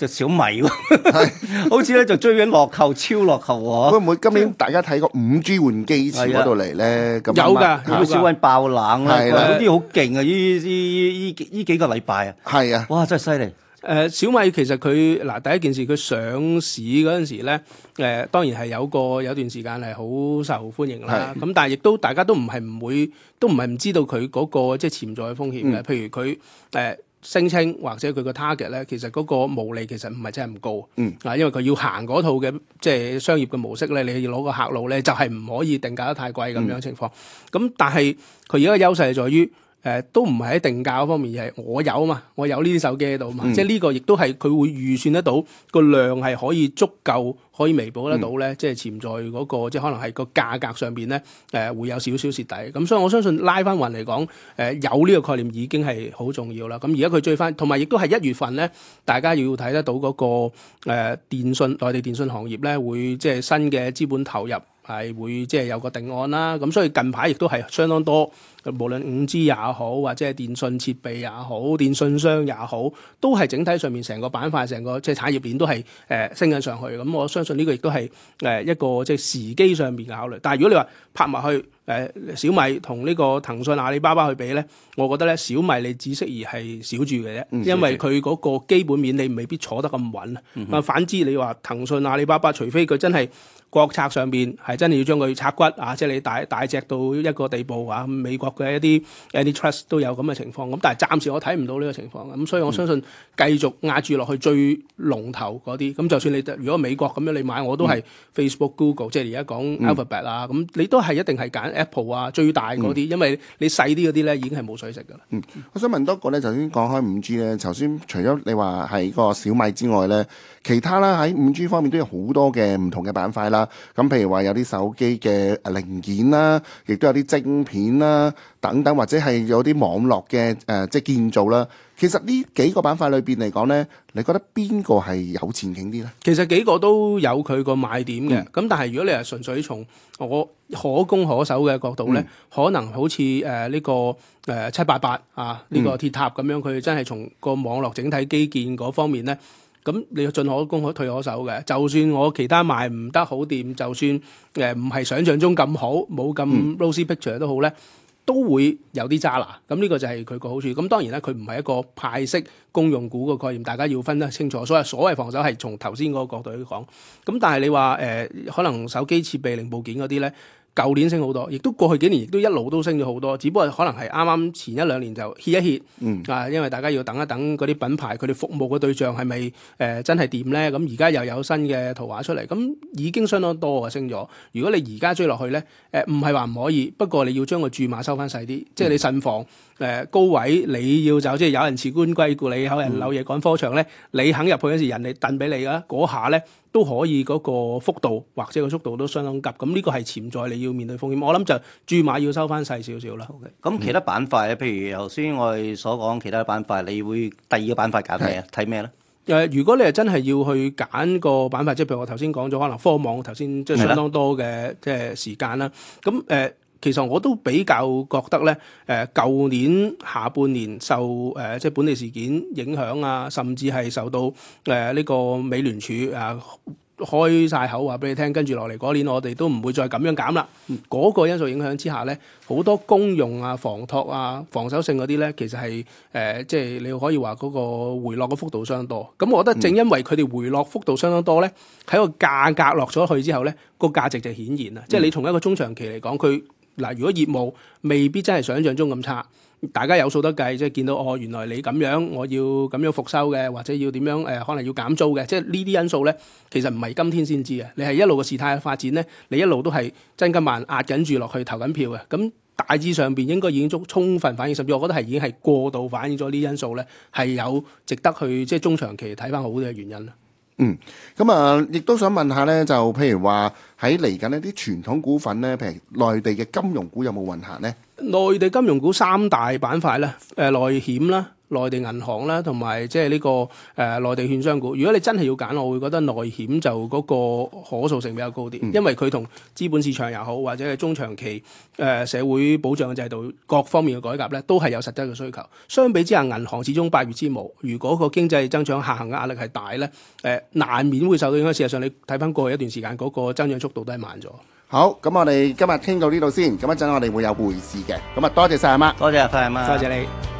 就小米，係 好似咧就追緊落後、超落購超落後喎。 會唔會今年大家睇個五 G 換機潮嗰度嚟咧？的有㗎，小米爆冷啦！嗰啲好勁啊！呢呢呢呢幾個禮拜啊！係啊的！哇！真係犀利！誒、呃，小米其實佢嗱第一件事佢上市嗰陣時咧，誒、呃、當然係有個有段時間係好受歡迎啦。咁的但係亦都大家都唔係唔會，都唔係唔知道佢嗰個即係潛在嘅風險嘅。譬如佢誒、呃呃呃聲稱或者佢個 target 咧，其實嗰個毛利其實唔係真係唔高，啊、嗯，因為佢要行嗰套嘅即係商業嘅模式咧，你要攞個客路咧就係，是，唔可以定價得太貴咁樣情況。咁、嗯、但係佢而家嘅優勢係在於。誒、呃、都唔係喺定價方面，而係我有啊嘛，我有呢啲手機喺度嘛，嗯、即係呢個亦都係佢會預算得到個量係可以足夠，可以彌補得到咧、嗯那個，即係潛在嗰個即係可能係個價格上邊咧，誒、呃、會有少少蝕底。咁所以我相信拉翻勻嚟講，誒、呃、有呢個概念已經係好重要啦。咁而家佢追翻，同埋亦都係一月份咧，大家要睇得到嗰、那個誒、呃、電信內地電信行業咧會即係新嘅資本投入。係會即係有個定案啦，咁所以近排亦都係相當多，無論五 G 也好，或者係電信設備也好，電信商也好，都係整體上面成個板塊、成個即係、就是、產業鏈都係誒升緊上去。咁我相信呢個亦都係誒一個即係、就是、時機上面嘅考慮。但係如果你話拍埋去，誒小米同呢個騰訊、阿里巴巴去比咧，我覺得咧小米你只適宜係少注嘅啫，因為佢嗰個基本面你未必坐得咁穩。啊、嗯哼，反之你話騰訊、阿里巴巴，除非佢真係國策上邊係真係要將佢拆骨啊，即係你大大隻到一個地步啊，美國嘅一啲 antitrust 都有咁嘅情況。咁、啊、但係暫時我睇唔到呢個情況啊，咁所以我相信繼續壓住落去最龍頭嗰啲。咁、嗯、哼就算你如果美國咁樣你買我，我都係 Facebook、Google，即係而家講 Alphabet 啊、嗯，咁你都係一定係揀。Apple 啊，最大嗰啲，因為你細啲嗰啲咧，已經係冇水食噶啦。嗯，我想問多個咧，頭先講開五 G 咧，頭先除咗你話係個小米之外咧，其他啦，喺五 G 方面都有好多嘅唔同嘅板塊啦。咁譬如話有啲手機嘅零件啦，亦都有啲晶片啦，等等或者係有啲網絡嘅誒、呃，即係建造啦。其實呢幾個板塊裏邊嚟講咧，你覺得邊個係有前景啲咧？其實幾個都有佢個買點嘅，咁 Yeah. 但係如果你係純粹從我可攻可守嘅角度咧，mm. 可能好似誒呢個誒、呃、七八八啊，呢、呢個鐵塔咁樣，佢、mm. 真係從個網絡整體基建嗰方面咧，咁你要進可攻可退可守嘅。就算我其他賣唔得好掂，就算誒唔係想像中咁好，冇咁 rosy picture 都好咧。都會有啲渣啦，咁、這、呢個就係佢個好處。咁當然咧，佢唔係一個派息公用股個概念，大家要分得清楚。所以所謂防守係從頭先個角度去講。咁但係你話誒、呃，可能手機設備零部件嗰啲咧。舊年升好多，亦都過去幾年亦都一路都升咗好多，只不過可能係啱啱前一兩年就歇一歇，嗯、啊，因為大家要等一等嗰啲品牌佢哋服務嘅對象係咪誒真係掂咧？咁而家又有新嘅圖畫出嚟，咁、嗯、已經相當多啊升咗。如果你而家追落去咧，誒唔係話唔可以，不過你要將個注碼收翻細啲，即係你慎防。嗯誒高位你要走，即係有人辭官歸故，你有人漏夜趕科場咧，你肯入去嗰時人哋燉俾你啊！嗰下咧都可以嗰個幅度或者個速度都相當急，咁呢個係潛在你要面對風險。我諗就注碼要收翻細少少啦。好、okay、嘅，咁、嗯、其他板塊咧，譬如頭先我哋所講其他板塊，你會第二個板塊揀咩啊？睇咩咧？誒，如果你係真係要去揀個板塊，即係譬如我頭先講咗，可能科網頭先即係相當多嘅即係時間啦。咁誒的。嗯嗯其實我都比較覺得咧，誒、呃、舊年下半年受誒、呃、即係本地事件影響啊，甚至係受到誒呢、呃這個美聯儲啊開晒口話俾你聽，跟住落嚟嗰年我哋都唔會再咁樣減啦。嗰、嗯、個因素影響之下咧，好多公用啊、房託啊、防守性嗰啲咧，其實係誒、呃、即係你可以話嗰個回落嘅幅度相當多。咁、嗯、我覺得正因為佢哋回落幅度相當多咧，喺個價格落咗去之後咧，個價值就顯然啦。即係你從一個中長期嚟講，佢、嗯。嗱，如果業務未必真係想像中咁差，大家有數得計，即係見到哦，原來你咁樣，我要咁樣復收嘅，或者要點樣誒、呃，可能要減租嘅，即係呢啲因素咧，其實唔係今天先知嘅，你係一路個事態嘅發展咧，你一路都係真金萬壓緊住落去投緊票嘅，咁大致上邊應該已經足充分反映，甚至我覺得係已經係過度反映咗呢啲因素咧，係有值得去即係中長期睇翻好嘅原因啦。嗯，咁、嗯、啊，亦都想問下咧，就譬如話喺嚟緊咧啲傳統股份咧，譬如內地嘅金融股有冇運行咧？內地金融股三大板塊咧，誒、呃，內險啦。內地銀行啦，同埋即係呢個誒、呃、內地券商股。如果你真係要揀，我會覺得內險就嗰個可塑性比較高啲，嗯、因為佢同資本市場又好，或者係中長期誒、呃、社會保障制度各方面嘅改革呢，都係有實質嘅需求。相比之下，銀行始終百業之母。如果個經濟增長下行嘅壓力係大呢，誒、呃、難免會受到影響。事實上，你睇返過去一段時間嗰、嗰個增長速度都係慢咗。好，咁我哋今日傾到呢度先。咁一陣我哋會有回視嘅。咁啊，多謝晒阿媽，媽，多謝晒阿媽，多謝你。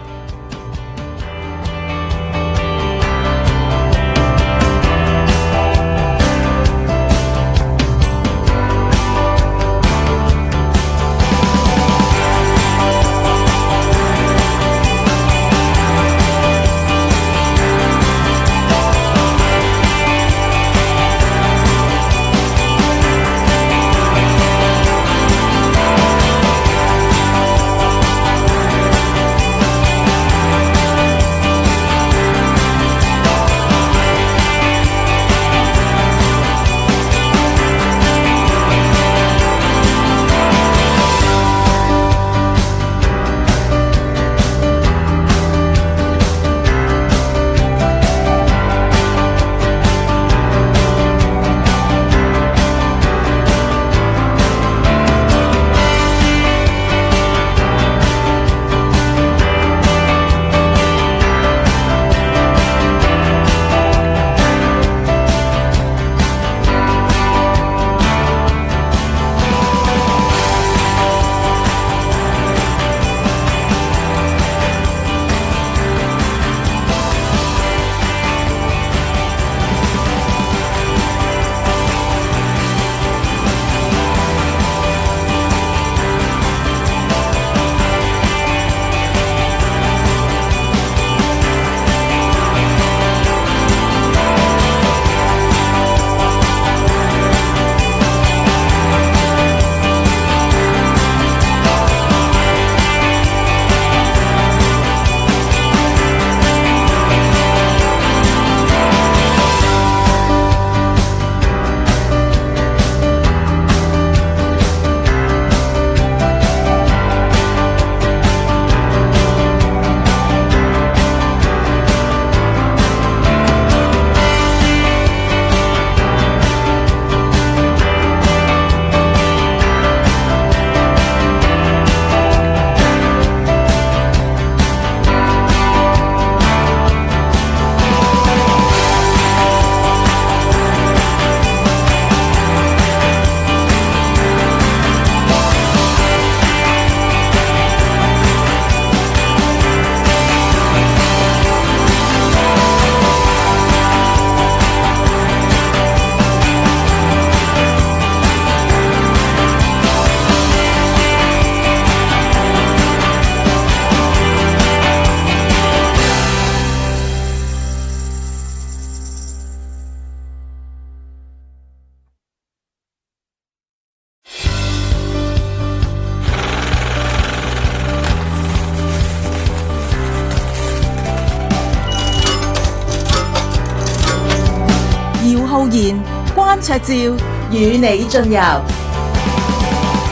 焯照與你盡游，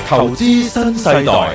投資新世代。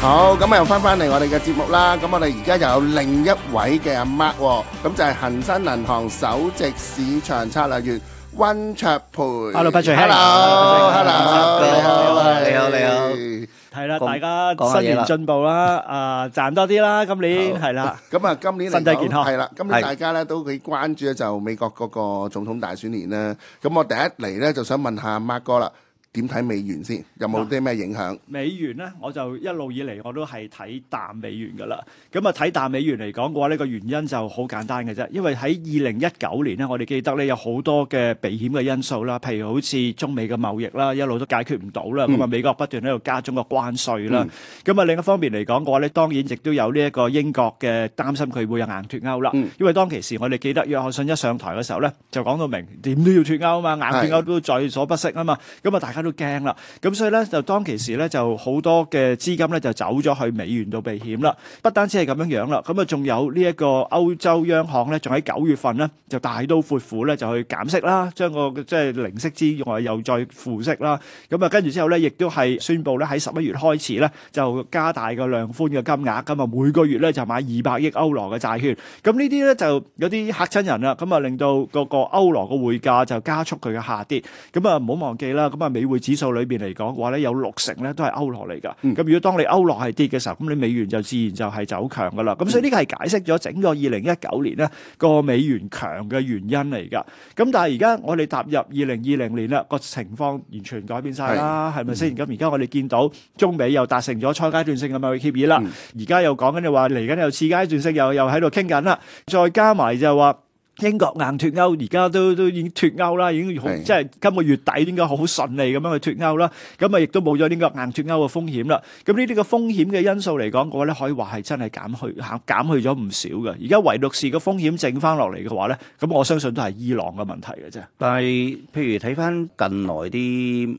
好，咁啊又翻翻嚟我哋嘅節目啦。咁我哋而家又有另一位嘅阿 Mark，咁就係恆生銀行首席市場策略員溫卓培。Hello，Patrick。Hello，Hello，你好，你好，你好。係啦，大家新年進步啦。啊！賺多啲啦！今年係的啦，咁啊，今年身體健康，係 啦，今年大家咧都幾關注咧就美國嗰個總統大選年啦。咁的我第一嚟咧就想問，問下阿 Mark 哥啦。點睇美元先？有冇啲咩影響？美元咧，我就一路以嚟我都係睇淡美元噶啦。咁啊，睇淡美元嚟講嘅話，呢個原因就好簡單嘅啫。因為喺二零一九年咧，我哋記得咧有好多嘅避險嘅因素啦，譬如好似中美嘅貿易啦，一路都解決唔到啦。咁啊，美國不斷喺度加中國關稅啦。咁啊，另一方面嚟講嘅話咧，當然亦都有呢一個英國嘅擔心，佢會有硬脱歐啦。因為當其時我哋記得約翰遜一上台嘅時候咧，就講到明點都要脱歐啊嘛，硬脱歐都在所不惜啊嘛。咁啊，大家。都驚啦，咁所以咧就當其時咧就好多嘅資金咧就走咗去美元度避險啦。不單止係咁樣樣啦，咁啊仲有呢一個歐洲央行咧，仲喺九月份咧就大刀闊斧咧就去減息啦，將個即係零息之外又再負息啦。咁啊跟住之後咧，亦都係宣布咧喺十一月開始咧就加大個量寬嘅金額，咁啊每個月咧就買二百億歐羅嘅債券。咁呢啲咧就有啲嚇親人啦，咁啊令到嗰個歐羅嘅匯價就加速佢嘅下跌。咁啊唔好忘記啦，咁啊美。匯指數裏邊嚟講，話咧有六成咧都係歐羅嚟噶。咁如果當你歐羅係跌嘅時候，咁你美元就自然就係走強噶啦。咁所以呢個係解釋咗整個二零一九年咧個美元強嘅原因嚟噶。咁但係而家我哋踏入二零二零年啦，個情況完全改變晒啦，係咪先？咁而家我哋見到中美又達成咗初階段性嘅協議啦，而家又講緊就話嚟緊又次階段性又又喺度傾緊啦，再加埋就話。英國硬脫歐，而家都都已經脫歐啦，已經好是的 即係今個月底應該好順利咁樣去脫歐啦。咁啊，亦都冇咗呢個硬脫歐嘅風險啦。咁呢啲個風險嘅因素嚟講嘅話咧，可以話係真係減去減去咗唔少嘅。而家唯獨是個風險剩翻落嚟嘅話咧，咁我相信都係伊朗嘅問題嘅啫。但係譬如睇翻近來啲。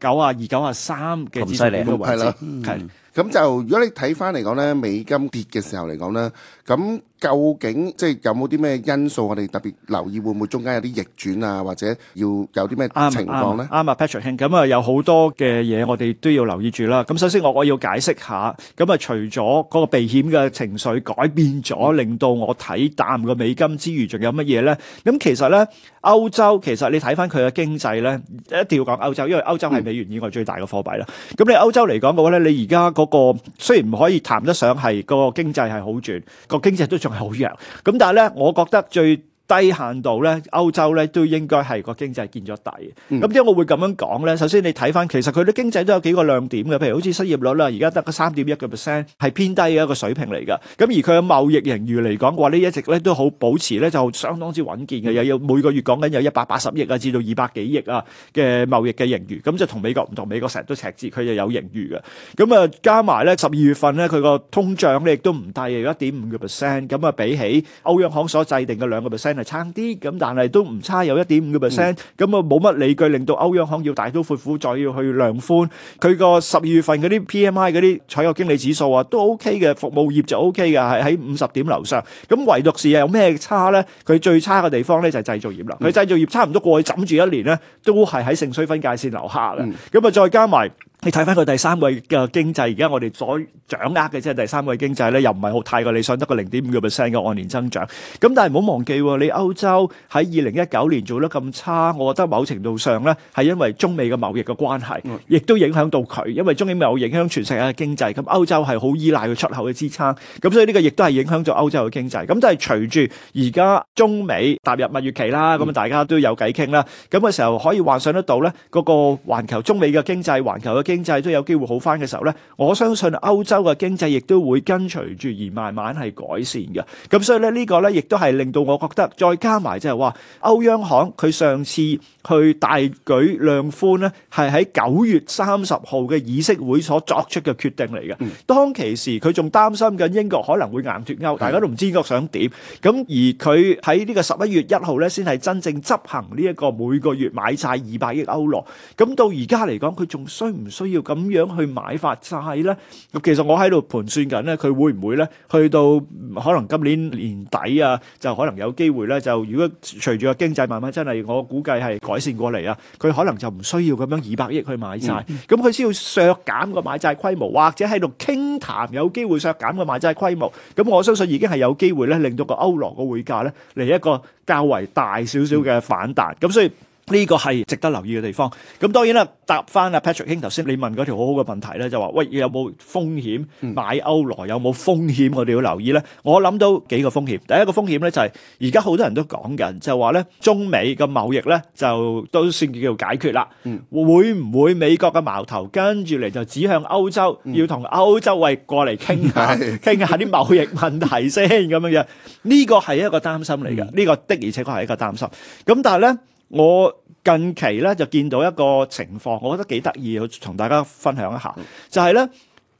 九啊二、九啊三嘅資料呢個位置。嗯，係啦。咁就如果你睇翻嚟講咧，美金跌嘅時候嚟講咧，咁究竟即係有冇啲咩因素我哋特別留意，會唔會中間有啲逆轉啊，或者要有啲咩情況咧？啱啊，Patrick 兄，咁啊有好多嘅嘢我哋都要留意住啦。咁首先我我要解釋下，咁啊除咗嗰個避險嘅情緒改變咗，令到我睇淡個美金之餘，仲有乜嘢咧？咁其實咧，歐洲其實你睇翻佢嘅經濟咧，一定要講歐洲，因為歐洲係美元以外最大嘅貨幣啦。咁你、嗯、歐洲嚟講嘅話咧，你而家。嗰個雖然唔可以談得上係個經濟係好轉，個經濟都仲係好弱。咁但係咧，我覺得最低限度咧，歐洲咧都應該係個經濟見咗底。咁點解我會咁樣講咧？首先你睇翻，其實佢啲經濟都有幾個亮點嘅，譬如好似失業率啦，而家得個三點一個 percent 係偏低嘅一個水平嚟㗎。咁而佢嘅貿易盈餘嚟講嘅話咧，一直咧都好保持咧，就相當之穩健嘅，又要每個月講緊有一百八十億啊，至到二百幾億啊嘅貿易嘅盈餘。咁就同美國唔同，美國成日都赤字，佢就有盈餘嘅。咁啊加埋咧十二月份咧，佢個通脹咧亦都唔低，有一點五個 percent。咁啊比起歐央行所制定嘅兩個 percent。撐啲咁，但係都唔差，有一點五個 percent 咁啊，冇乜理據令到歐央行要大刀闊斧再要去量寬。佢個十二月份嗰啲 PMI 嗰啲採購經理指數啊，都 OK 嘅，服務業就 OK 嘅，係喺五十點樓上。咁唯獨是啊，有咩差咧？佢最差嘅地方咧，就係製造業啦。佢製、嗯、造業差唔多過去枕住一年咧，都係喺盛衰分界線樓下嘅。咁啊，再加埋。你睇翻佢第三季嘅經濟，而家我哋所掌握嘅啫。第三季經濟咧，又唔係好太過理想，得個零點五個 percent 嘅按年增長。咁但係唔好忘記喎，你歐洲喺二零一九年做得咁差，我覺得某程度上咧係因為中美嘅貿易嘅關係，亦都影響到佢，因為中美貿易影響全世界嘅經濟。咁歐洲係好依賴佢出口嘅支撐，咁所以呢個亦都係影響咗歐洲嘅經濟。咁但係隨住而家中美踏入蜜月期啦，咁啊大家都有偈傾啦。咁嘅時候可以幻想得到咧，嗰個環球中美嘅經濟，環球嘅。經濟都有機會好返嘅時候咧，我相信歐洲嘅經濟亦都會跟隨住而慢慢係改善嘅。咁所以咧，這個、呢個咧亦都係令到我覺得再加埋即係話歐央行佢上次。佢大舉量寬咧，係喺九月三十號嘅議息會所作出嘅決定嚟嘅。當其時佢仲擔心緊英國可能會硬脱歐，大家都唔知英國想點。咁而佢喺呢個十一月一號咧，先係真正執行呢一個每個月買曬二百億歐羅。咁到而家嚟講，佢仲需唔需要咁樣去買發債咧？咁其實我喺度盤算緊咧，佢會唔會咧去到可能今年年底啊，就可能有機會咧。就如果隨住個經濟慢慢真係，我估計係。改善過嚟啊！佢可能就唔需要咁樣二百億去買債，咁佢先要削減個買債規模，或者喺度傾談有機會削減個買債規模。咁我相信已經係有機會咧，令到個歐羅個匯價咧嚟一個較為大少少嘅反彈。咁所以。呢個係值得留意嘅地方。咁當然啦，答翻阿 Patrick 兄頭先你問嗰條好好嘅問題咧，就話喂，有冇風險買歐羅，有冇風險？我哋要留意咧。我諗到幾個風險。第一個風險咧就係而家好多人都講緊，就話咧中美嘅貿易咧就都算叫解決啦。會唔會美國嘅矛頭跟住嚟就指向歐洲，要同歐洲喂過嚟傾下傾下啲貿易問題先咁樣樣？呢個係一個擔心嚟嘅。呢個的而且確係一個擔心。咁但係咧我。近期咧就見到一個情況，我覺得幾得意，要同大家分享一下，就係咧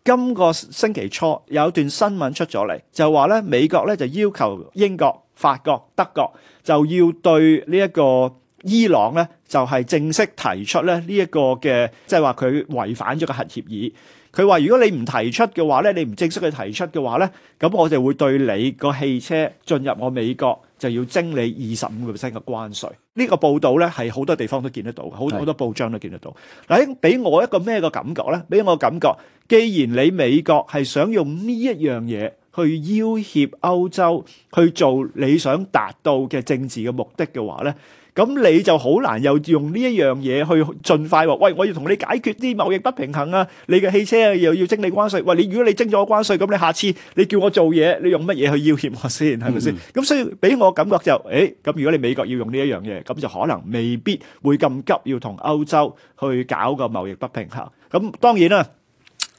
今個星期初有一段新聞出咗嚟，就話咧美國咧就要求英國、法國、德國就要對呢一個伊朗咧就係正式提出咧呢一個嘅，即係話佢違反咗個核協議。佢話如果你唔提出嘅話咧，你唔正式去提出嘅話咧，咁我就會對你個汽車進入我美國。就要徵你二十五個 percent 嘅關稅，呢個報道咧係好多地方都見得到，好好多報章都見得到。嗱是，俾我一個咩嘅感覺咧？俾我感覺，既然你美國係想用呢一樣嘢。去要挾歐洲去做你想達到嘅政治嘅目的嘅話咧，咁你就好難又用呢一樣嘢去盡快話。喂，我要同你解決啲貿易不平衡啊！你嘅汽車又要徵你關稅。喂，你如果你徵咗關稅，咁你下次你叫我做嘢，你用乜嘢去要挾我先？係咪先？咁所以俾我感覺就，誒，咁如果你美國要用呢一樣嘢，咁就可能未必會咁急要同歐洲去搞個貿易不平衡。咁當然啦。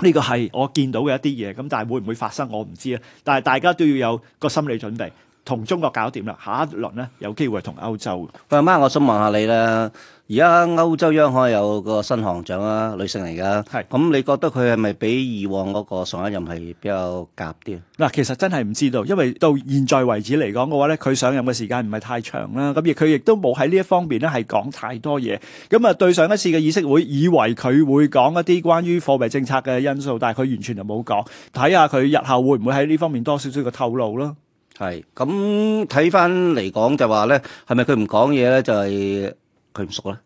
呢個係我見到嘅一啲嘢，咁但係會唔會發生，我唔知啊。但係大家都要有個心理準備。同中國搞掂啦，下一輪咧有機會同歐洲。阿媽，媽，我想問下你咧，而家歐洲央行有個新行長啊，女性嚟噶，係咁的，你覺得佢係咪比以往嗰個上一任係比較夾啲？嗱，其實真係唔知道，因為到現在為止嚟講嘅話咧，佢上任嘅時間唔係太長啦。咁而佢亦都冇喺呢一方面咧係講太多嘢。咁啊，對上一次嘅議息會，以為佢會講一啲關於貨幣政策嘅因素，但係佢完全就冇講。睇下佢日後會唔會喺呢方面多少少嘅透露咯。係咁睇翻嚟，講就話咧，係咪佢唔講嘢咧？就係佢唔熟啦。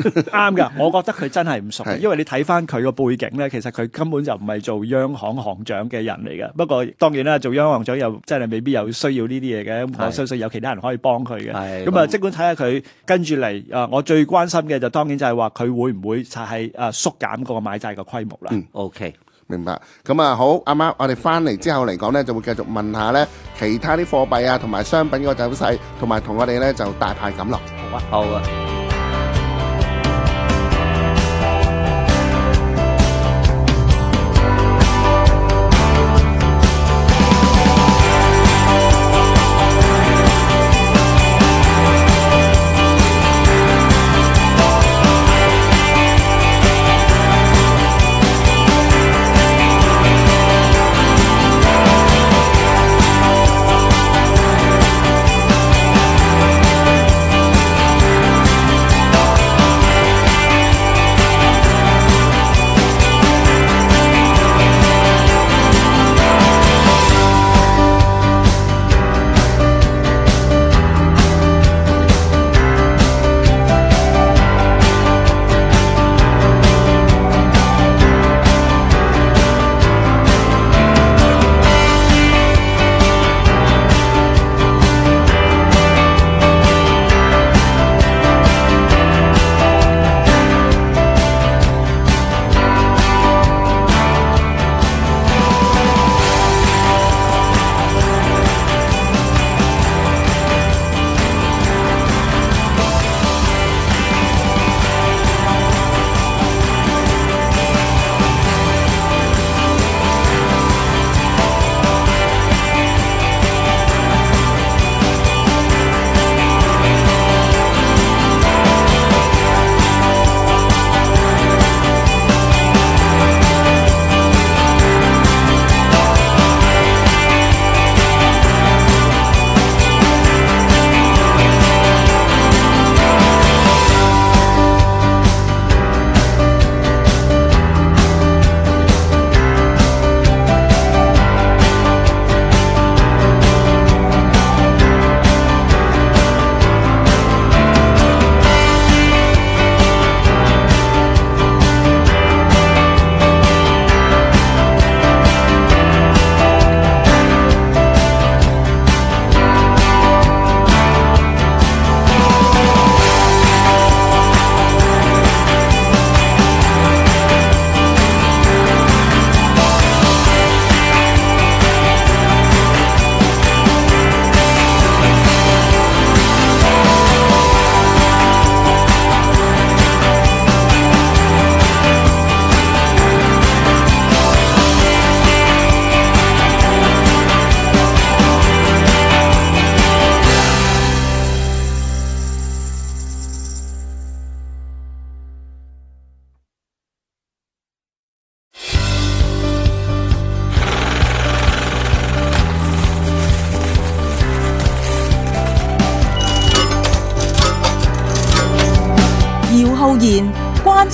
啱噶，我覺得佢真係唔熟，因為你睇翻佢個背景咧，其實佢根本就唔係做央行行長嘅人嚟嘅。不過當然啦，做央行行長又真係未必有需要呢啲嘢嘅。我相信有其他人可以幫佢嘅。咁啊，盡管睇下佢跟住嚟啊，我最關心嘅就當然就係話佢會唔會就係啊縮減個買債嘅規模啦。嗯，okay. 明白，咁啊好，啱啱我哋翻嚟之後嚟講呢，就會繼續問下呢其他啲貨幣啊，同埋商品個走勢，同埋同我哋呢就大派咁落，好啊，好啊。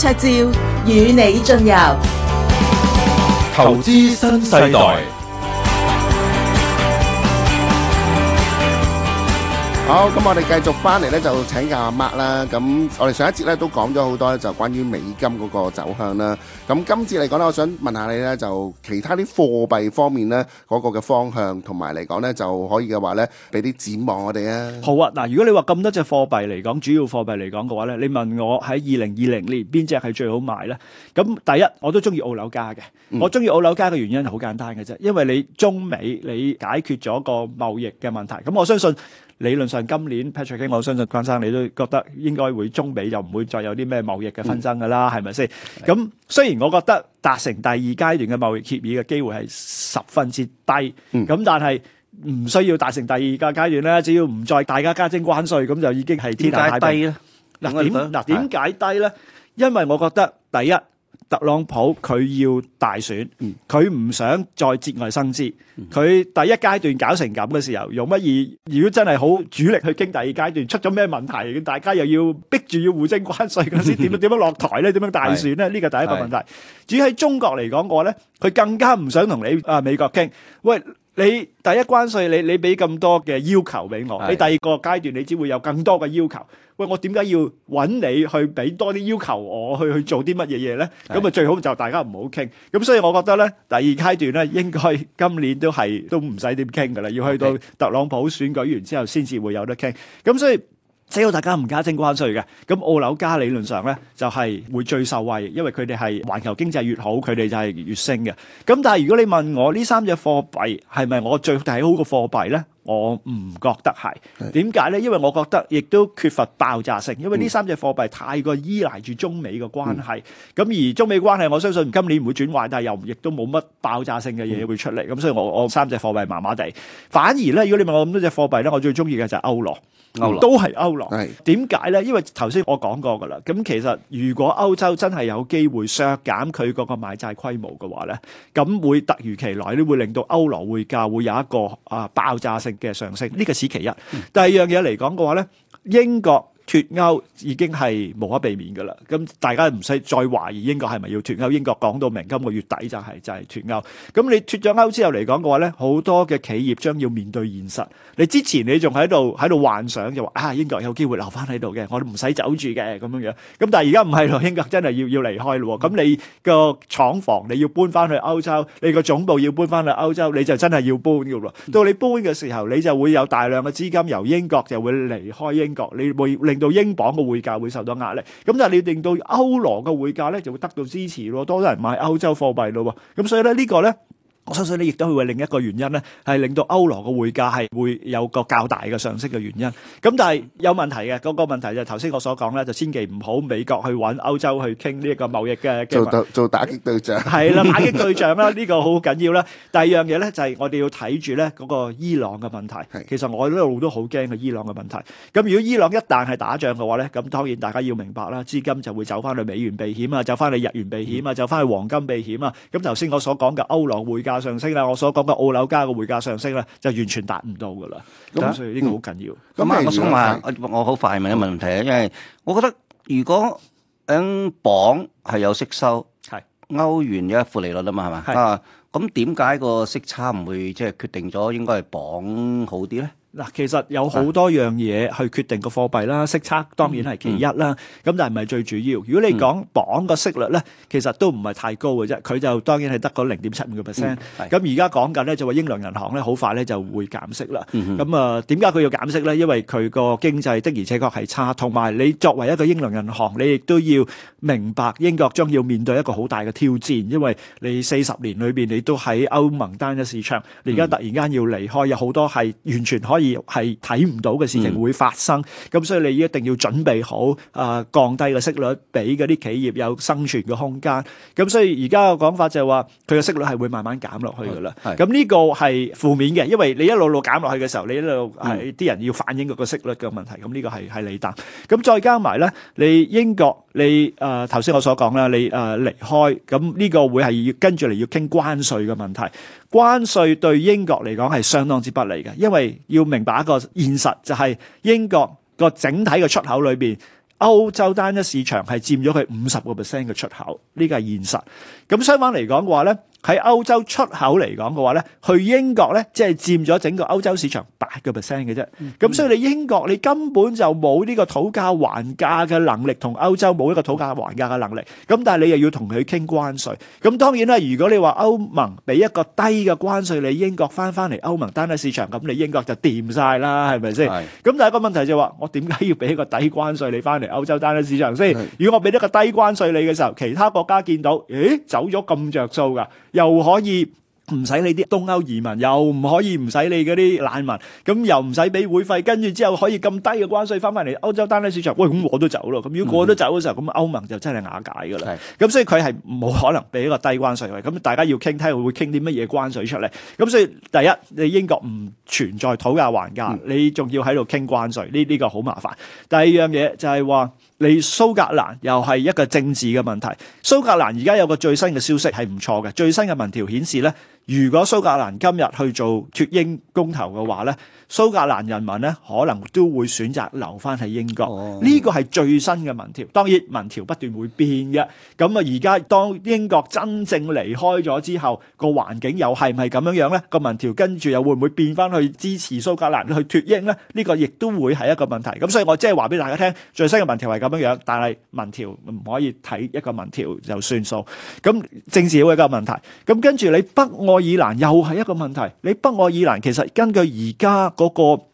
焯照與你進遊，投資新世代。好，咁我哋繼續翻嚟咧，就請教阿 Mark 啦。咁我哋上一節咧都講咗好多咧，就關於美金嗰個走向啦。咁今次嚟講咧，我想問下你咧，就其他啲貨幣方面咧，嗰、那個嘅方向同埋嚟講咧，就可以嘅話咧，俾啲展望我哋啊。好啊，嗱，如果你話咁多隻貨幣嚟講，主要貨幣嚟講嘅話咧，你問我喺二零二零年邊隻係最好買咧？咁第一，我都中意澳紐加嘅。我中意澳紐加嘅原因好簡單嘅啫，因為你中美你解決咗個貿易嘅問題，咁我相信。理論上今年 Patrick，我相信關生你都覺得應該會中美又唔會再有啲咩貿易嘅紛爭㗎啦，係咪先？咁雖然我覺得達成第二階段嘅貿易協議嘅機會係十分之低，咁但係唔需要達成第二個階段啦，只要唔再大家加徵關稅，咁就已經係天大大。點解低咧？嗱點嗱點解低咧？因為我覺得第一。特朗普佢要大選，佢唔想再節外生枝。佢第一階段搞成咁嘅時候，用乜嘢？如果真係好主力去傾第二階段，出咗咩問題，大家又要逼住要互徵關稅嗰陣時，點樣點樣落台咧？點樣大選咧？呢個 第一個問題。 至於喺中國嚟講嘅話咧，佢更加唔想同你啊美國傾。喂。你第一關稅，你你俾咁多嘅要求俾我，你第二個階段你只會有更多嘅要求。喂，我點解要揾你去俾多啲要求我去去做啲乜嘢嘢咧？咁啊最好就大家唔好傾。咁所以我覺得咧，第二階段咧應該今年都係都唔使點傾㗎喇，要去到特朗普選舉完之後先至會有得傾。咁所以。只要大家唔加徵關稅嘅，咁澳紐加理論上咧就係會最受惠，因為佢哋係環球經濟越好，佢哋就係越升嘅。咁但係如果你問我呢三隻貨幣係咪我最睇好嘅貨幣咧？我唔覺得係點解咧？因為我覺得亦都缺乏爆炸性，因為呢三隻貨幣太過依賴住中美嘅關係。咁、嗯、而中美關係，我相信今年唔會轉壞，但係又亦都冇乜爆炸性嘅嘢會出嚟。咁、嗯、所以我我三隻貨幣麻麻地。反而咧，如果你問我咁多隻貨幣咧，我最中意嘅就係歐羅，都係歐羅。係點解咧？因為頭先我講過㗎啦。咁其實如果歐洲真係有機會削減佢個買債規模嘅話咧，咁會突如其來都會令到歐羅匯價會有一個啊爆炸性嘅上升，呢個是其一。嗯、第二樣嘢嚟講嘅話咧，英國。脱歐已經係無可避免嘅啦，咁大家唔使再懷疑英國係咪要脱歐。英國講到明今個月底就係就係脱歐。咁你脱咗歐之後嚟講嘅話咧，好多嘅企業將要面對現實。你之前你仲喺度喺度幻想就話，啊英國有機會留翻喺度嘅，我都唔使走住嘅咁樣樣。咁但係而家唔係咯，英國真係要要離開咯。咁你個廠房你要搬翻去歐洲，你個總部要搬翻去歐洲，你就真係要搬嘅啦。到你搬嘅時候，你就會有大量嘅資金由英國就會離開英國，你會你。令到英鎊嘅匯價會受到壓力，咁但係你令到歐羅嘅匯價咧就會得到支持咯，多啲人買歐洲貨幣咯，咁所以咧呢個咧。我相信咧，亦都會有另一個原因咧，係令到歐羅嘅匯價係會有個較大嘅上升嘅原因。咁但係有問題嘅，嗰個問題就頭先我所講咧，就千祈唔好美國去揾歐洲去傾呢一個貿易嘅。做到做打擊對象係啦，打擊對象啦，呢個好緊要啦。第二樣嘢咧就係我哋要睇住咧嗰個伊朗嘅問題。係其實我一路都好驚嘅伊朗嘅問題。咁如果伊朗一旦係打仗嘅話咧，咁當然大家要明白啦，資金就會走翻去美元避險啊，走翻去日元避險啊，走翻去黃金避險啊。咁頭先我所講嘅歐羅匯價。上升啦！我所講嘅澳樓價嘅匯價上升咧，就完全達唔到嘅啦。咁所以呢個好緊要。咁啊，我想問，我我好快問一問題咧，因為我覺得如果響鎊係有息收，係歐元有一負利率啊嘛，係嘛啊？咁點解個息差唔會即係決定咗應該係鎊好啲咧？嗱，其實有好多樣嘢去決定個貨幣啦，息差當然係其一啦。咁、嗯、但係唔係最主要。如果你講榜磅個息率咧，其實都唔係太高嘅啫。佢就當然係得個零點七五個 percent。咁而家講緊咧就話英倫銀行咧好快咧就會減息啦。咁啊、嗯哼，點解佢要減息咧？因為佢個經濟的而且確係差，同埋你作為一個英倫銀行，你亦都要明白英國將要面對一個好大嘅挑戰，因為你四十年裏邊你都喺歐盟單一市場，你而家突然間要離開，有好多係完全可以。係睇唔到嘅事情會發生，咁所以你一定要準備好，誒降低個息率，俾嗰啲企業有生存嘅空間。咁所以而家嘅講法就係話，佢嘅息率係會慢慢減落去噶啦。咁呢個係負面嘅，因為你一路路減落去嘅時候，你一路係啲人要反映個個息率嘅問題。咁呢個係係你答。咁再加埋咧，你英國你誒頭先我所講啦，你誒離開，咁呢個會係要跟住嚟要傾關稅嘅問題。關稅對英國嚟講係相當之不利嘅，因為要明白一個現實，就係英國個整體嘅出口裏邊，歐洲單一市場係佔咗佢五十個 percent 嘅出口，呢個係現實。咁相反嚟講嘅話咧。喺歐洲出口嚟講嘅話咧，去英國咧，即係佔咗整個歐洲市場八個 percent 嘅啫。咁所以你英國你根本就冇呢個討價還價嘅能力，同歐洲冇一個討價還價嘅能力。咁但係你又要同佢傾關稅。咁當然啦，如果你話歐盟俾一個低嘅關稅你英國翻翻嚟歐盟單一市場，咁你英國就掂晒啦，係咪先？咁但係一個問題就係話，我點解要俾一個低關稅你翻嚟歐洲單一市場先？如果我俾一個低關稅你嘅時候，其他國家見到，咦，走咗咁着數噶？又可以唔使你啲東歐移民，又唔可以唔使你嗰啲難民，咁又唔使俾會費，跟住之後可以咁低嘅關稅翻翻嚟歐洲單一市場。喂，咁我都走咯。咁如果我都走嘅時候，咁歐盟就真係瓦解噶啦。咁是的 所以佢係冇可能俾一個低關稅嘅。咁大家要傾睇，會傾啲乜嘢關稅出嚟？咁所以第一，你英國唔存在討價還價，你仲要喺度傾關稅，呢、呢、呢個好、呢個、麻煩。第二樣嘢就係話。你蘇格蘭又係一個政治嘅問題。蘇格蘭而家有個最新嘅消息係唔錯嘅，最新嘅民調顯示咧。如果蘇格蘭今日去做脫英公投嘅話咧，蘇格蘭人民咧可能都會選擇留翻喺英國。呢個係最新嘅民調，當然民調不斷會變嘅。咁啊，而家當英國真正離開咗之後，個環境又係唔係咁樣樣咧？個民調跟住又會唔會變翻去支持蘇格蘭去脫英咧？呢個亦都會係一個問題。咁所以我即係話俾大家聽，最新嘅民調係咁樣樣，但係民調唔可以睇一個民調就算數。咁政治會一個問題，咁跟住你北愛。愛爾蘭又係一個問題，你北愛爾蘭其實根據而家嗰個。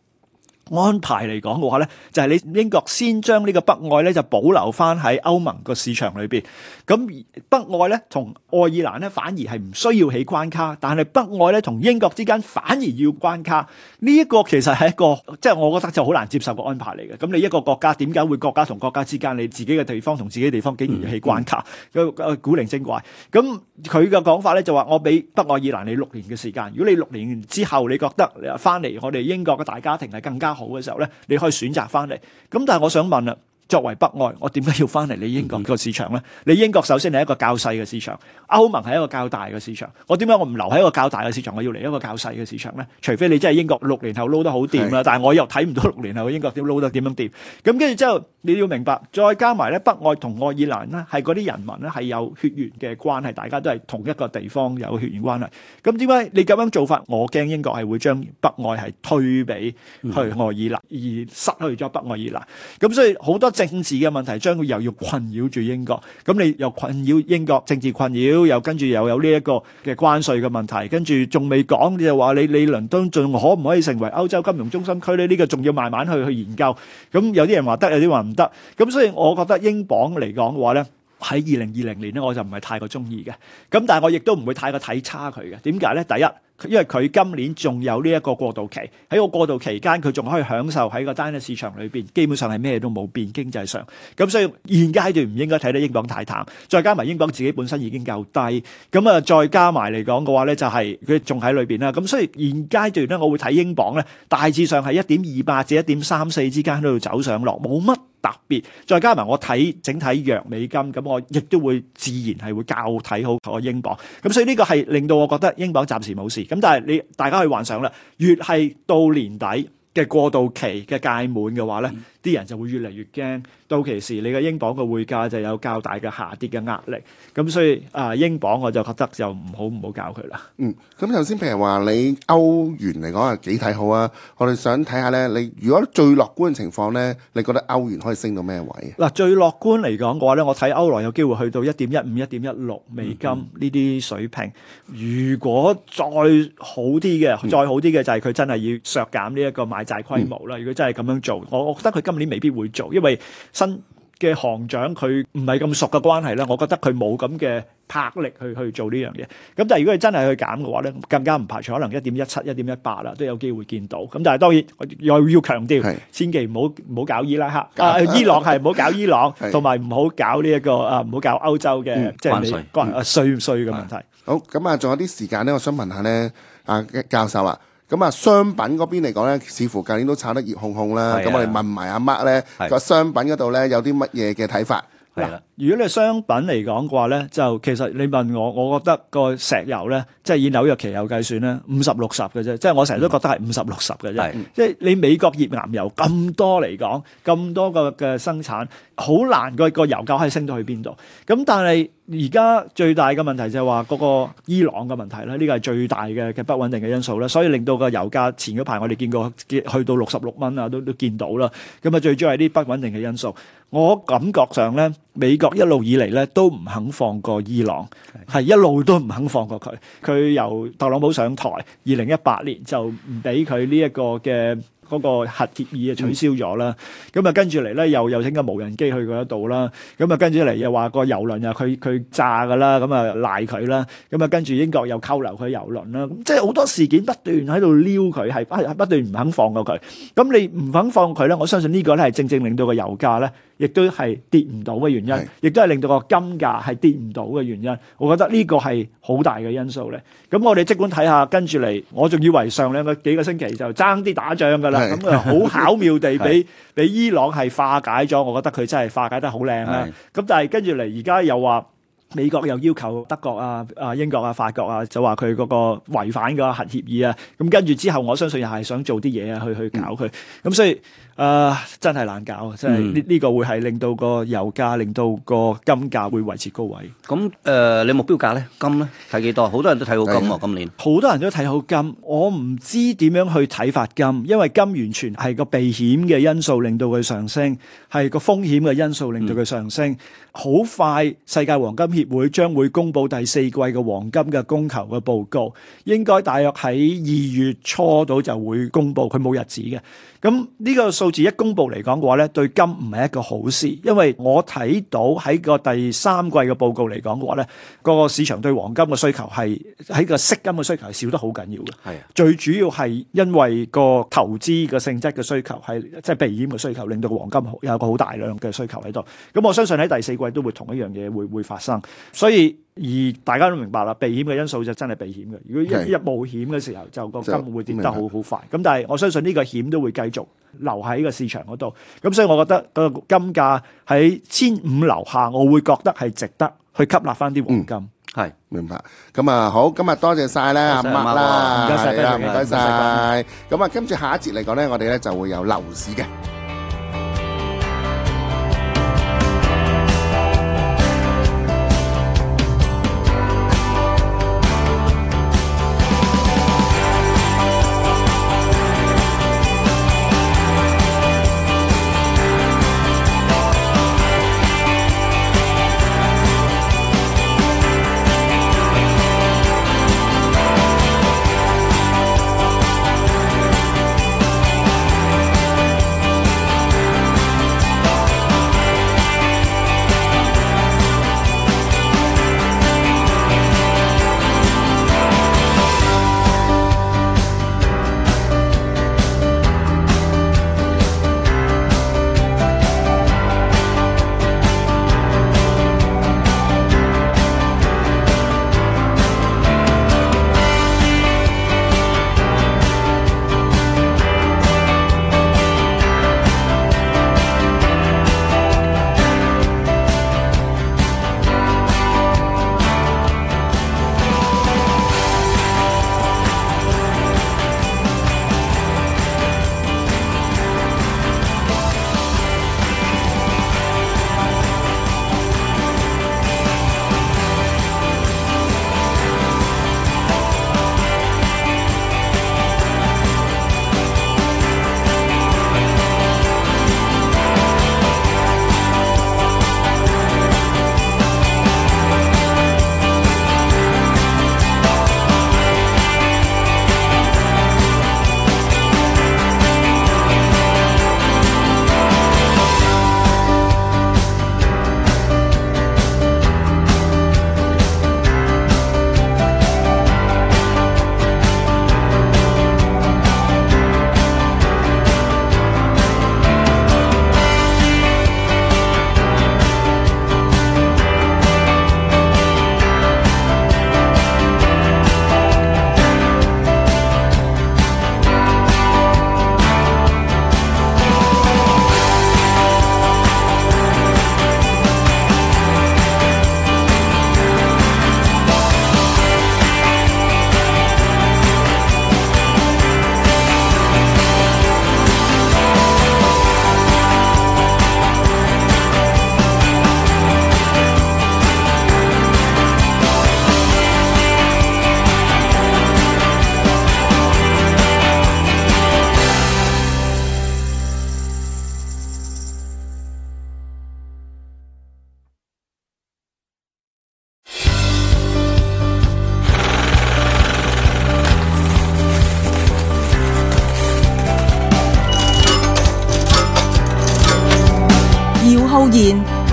安排嚟講嘅話咧，就係、是、你英國先將呢個北愛咧就保留翻喺歐盟個市場裏邊。咁而北愛咧，同愛爾蘭咧反而係唔需要起關卡，但係北愛咧同英國之間反而要關卡。呢、這、一個其實係一個即係、就是、我覺得就好難接受個安排嚟嘅。咁你一個國家點解會國家同國家之間你自己嘅地方同自己嘅地方竟然要起關卡？有、嗯嗯、古靈精怪。咁佢嘅講法咧就話：我俾北愛爾蘭你六年嘅時間，如果你六年之後你覺得翻嚟我哋英國嘅大家庭係更加……好嘅時候咧，你可以選擇翻嚟。咁但係我想問啦。作為北愛，我點解要翻嚟你英國個市場咧？Mm hmm. 你英國首先係一個較細嘅市場，歐盟係一個較大嘅市場。我點解我唔留喺一個較大嘅市場，我要嚟一個較細嘅市場咧？除非你真係英國六年後撈得好掂啦，mm hmm. 但係我又睇唔到六年後英國點撈得點樣掂。咁跟住之後，你要明白，再加埋咧北愛同愛爾蘭咧，係嗰啲人民咧係有血緣嘅關係，大家都係同一個地方有血緣關係。咁點解你咁樣做法？我驚英國係會將北愛係推俾去愛爾蘭，mm hmm. 而失去咗北愛爾蘭。咁所以好多政治嘅問題將會又要困擾住英國，咁你又困擾英國政治困擾，又跟住又有呢一個嘅關稅嘅問題，跟住仲未講你就話你你倫敦仲可唔可以成為歐洲金融中心區咧？呢個仲要慢慢去去研究。咁有啲人話得，有啲話唔得。咁所以我覺得英鎊嚟講嘅話咧，喺二零二零年咧，我就唔係太過中意嘅。咁但係我亦都唔會太過睇差佢嘅。點解咧？第一。因為佢今年仲有呢一個過渡期，喺個過渡期間佢仲可以享受喺個單一市場裏邊，基本上係咩都冇變經濟上。咁所以現階段唔應該睇得英鎊太淡，再加埋英鎊自己本身已經夠低。咁啊，再加埋嚟講嘅話咧，就係佢仲喺裏邊啦。咁所以現階段咧，我會睇英鎊咧，大致上係一點二八至一點三四之間喺度走上落，冇乜特別，再加埋我睇整體弱美金，咁我亦都會自然係會較睇好我英鎊。咁所以呢個係令到我覺得英鎊暫時冇事。咁但係你大家去幻想啦，越係到年底嘅過渡期嘅屆滿嘅話咧，嗯啲人就會越嚟越驚，到其時你嘅英鎊嘅匯價就有較大嘅下跌嘅壓力。咁所以啊，英鎊我就覺得就唔好唔好搞佢啦。嗯，咁頭先譬如話你歐元嚟講係幾睇好啊？我哋想睇下咧，你如果最樂觀嘅情況咧，你覺得歐元可以升到咩位？嗱，最樂觀嚟講嘅話咧，我睇歐羅有機會去到一點一五、一點一六美金呢啲水平。如果再好啲嘅，再好啲嘅就係佢真係要削減呢一個買債規模啦。如果真係咁樣做，我我覺得佢，今年未必會做，因為新嘅行長佢唔係咁熟嘅關係咧，我覺得佢冇咁嘅魄力去去做呢樣嘢。咁但係如果你真係去減嘅話咧，更加唔排除可能一點一七、一點一八啦，都有機會見到。咁但係當然，我又要強調，千祈唔好唔好搞伊拉克啊，伊朗係唔好搞伊朗，同埋唔好搞呢一個啊，唔好搞歐洲嘅即係你關稅衰唔衰嘅問題。好，咁啊，仲有啲時間咧，我想問下咧，阿教授啊。咁啊，商品嗰邊嚟講咧，似乎近年都炒得熱烘烘啦。咁我哋問埋阿 Mark 咧，個商品嗰度咧，有啲乜嘢嘅睇法？嗱，如果你商品嚟講嘅話咧，就其實你問我，我覺得個石油咧，即係以紐約期油計算咧，五十六十嘅啫。即係我成日都覺得係五十六十嘅啫。即係你美國頁岩油咁多嚟講，咁多個嘅生產，好難個個油價可以升到去邊度？咁但係。而家最大嘅問題就係話嗰個伊朗嘅問題啦，呢個係最大嘅嘅不穩定嘅因素啦，所以令到個油價前嗰排我哋見過，去到六十六蚊啊，都都見到啦。咁啊，最主要係啲不穩定嘅因素。我感覺上咧，美國一路以嚟咧都唔肯放過伊朗，係的一路都唔肯放過佢。佢由特朗普上台二零一八年就唔俾佢呢一個嘅。嗰個核協議啊取消咗啦，咁啊跟住嚟咧又又整架無人機去嗰一度啦，咁啊跟住嚟又話個油輪啊佢佢炸噶啦，咁啊賴佢啦，咁啊跟住英國又扣留佢油輪啦，咁即係好多事件不斷喺度撩佢，係不斷唔肯放過佢，咁你唔肯放佢咧，我相信呢個咧係正正令到個油價咧。亦都係跌唔到嘅原因，是亦都係令到個金價係跌唔到嘅原因。我覺得呢個係好大嘅因素咧。咁我哋即管睇下跟住嚟，我仲以為上兩個幾個星期就爭啲打仗噶啦，咁啊好巧妙地俾俾是伊朗係化解咗。我覺得佢真係化解得好靚啦。咁是但係跟住嚟而家又話，美國又要求德國啊、啊英國啊、法國啊，就話佢嗰個違反個核協議啊，咁跟住之後，我相信又係想做啲嘢啊，去去搞佢，咁所以啊，真係難搞，真係呢呢個會係令到個油價、令到個金價會維持高位。咁誒，你目標價咧？金咧？睇幾多？好多人都睇好金喎，今年好多人都睇好金。我唔知點樣去睇好金，因為金完全係個避險嘅因素令到佢上升，係個風險嘅因素令到佢上升。好快，世界黃金協會將會公布第四季嘅黃金嘅供求嘅報告，應該大約喺二月初到就會公布，佢冇日子嘅。咁呢個數字一公佈嚟講嘅話咧，對金唔係一個好事，因為我睇到喺個第三季嘅報告嚟講嘅話咧，個市場對黃金嘅需求係喺個息金嘅需求係少得好緊要嘅。係嘅，最主要係因為個投資嘅性質嘅需求係即係避險嘅需求，令到黃金有個好大量嘅需求喺度。咁我相信喺第四季都會同一樣嘢會會發生，所以。而大家都明白啦，避險嘅因素就真係避險嘅。如果一一冒險嘅時候，就個金會跌得好好快。咁但係我相信呢個險都會繼續留喺呢個市場嗰度。咁所以我覺得個金價喺千五樓下，我會覺得係值得去吸納返啲黃金。係，明白。咁啊，好，今日多謝曬啦，阿麥啦，唔該曬，唔該曬。咁啊，跟住下一節嚟講咧，我哋咧就會有樓市嘅。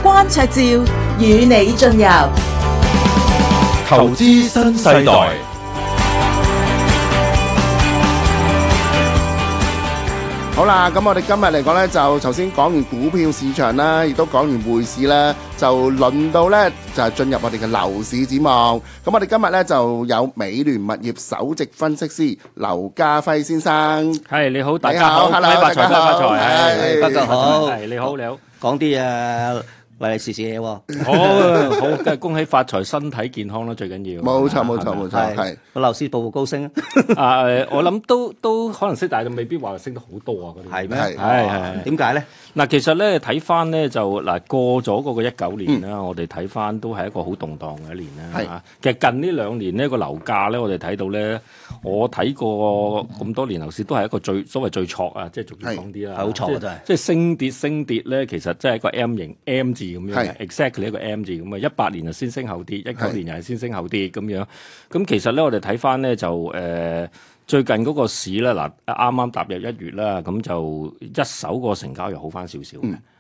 關焯照與你進入，投資新世代。好啦，咁我哋今日嚟講呢，就頭先講完股票市場啦，亦都講完匯市啦，就輪到呢就進入我哋嘅樓市展望。咁我哋今日呢就有美聯物業首席分析師劉家輝先生。係你好，大家好，發財發財，係，大家好，係你好，你好。講啲啊嚟嚟試試嘢，好，好，梗係恭喜發財，身體健康啦，最緊要。冇錯，冇錯，冇錯，係。個樓市步步高升。啊，我諗都都可能升，但係就未必話升得好多啊。嗰啲係咩？係係點解咧？嗱，其實咧睇翻咧就嗱，過咗嗰個一九年啦，我哋睇翻都係一個好動盪嘅一年啦。係。其實近呢兩年咧個樓價咧，我哋睇到咧。我睇過咁多年樓市，都係一個最所謂最挫啊！即係逐漸講啲啦，是即係是升跌升跌咧，其實即係一個 M 型 M 字咁樣是，exactly 一個 M 字咁啊！一八年就先升後跌，一九年又係先升後跌咁樣。咁其實咧，我哋睇翻咧就誒、呃、最近嗰個市咧，嗱，啱啱踏入一月啦，咁就一手個成交又好翻少少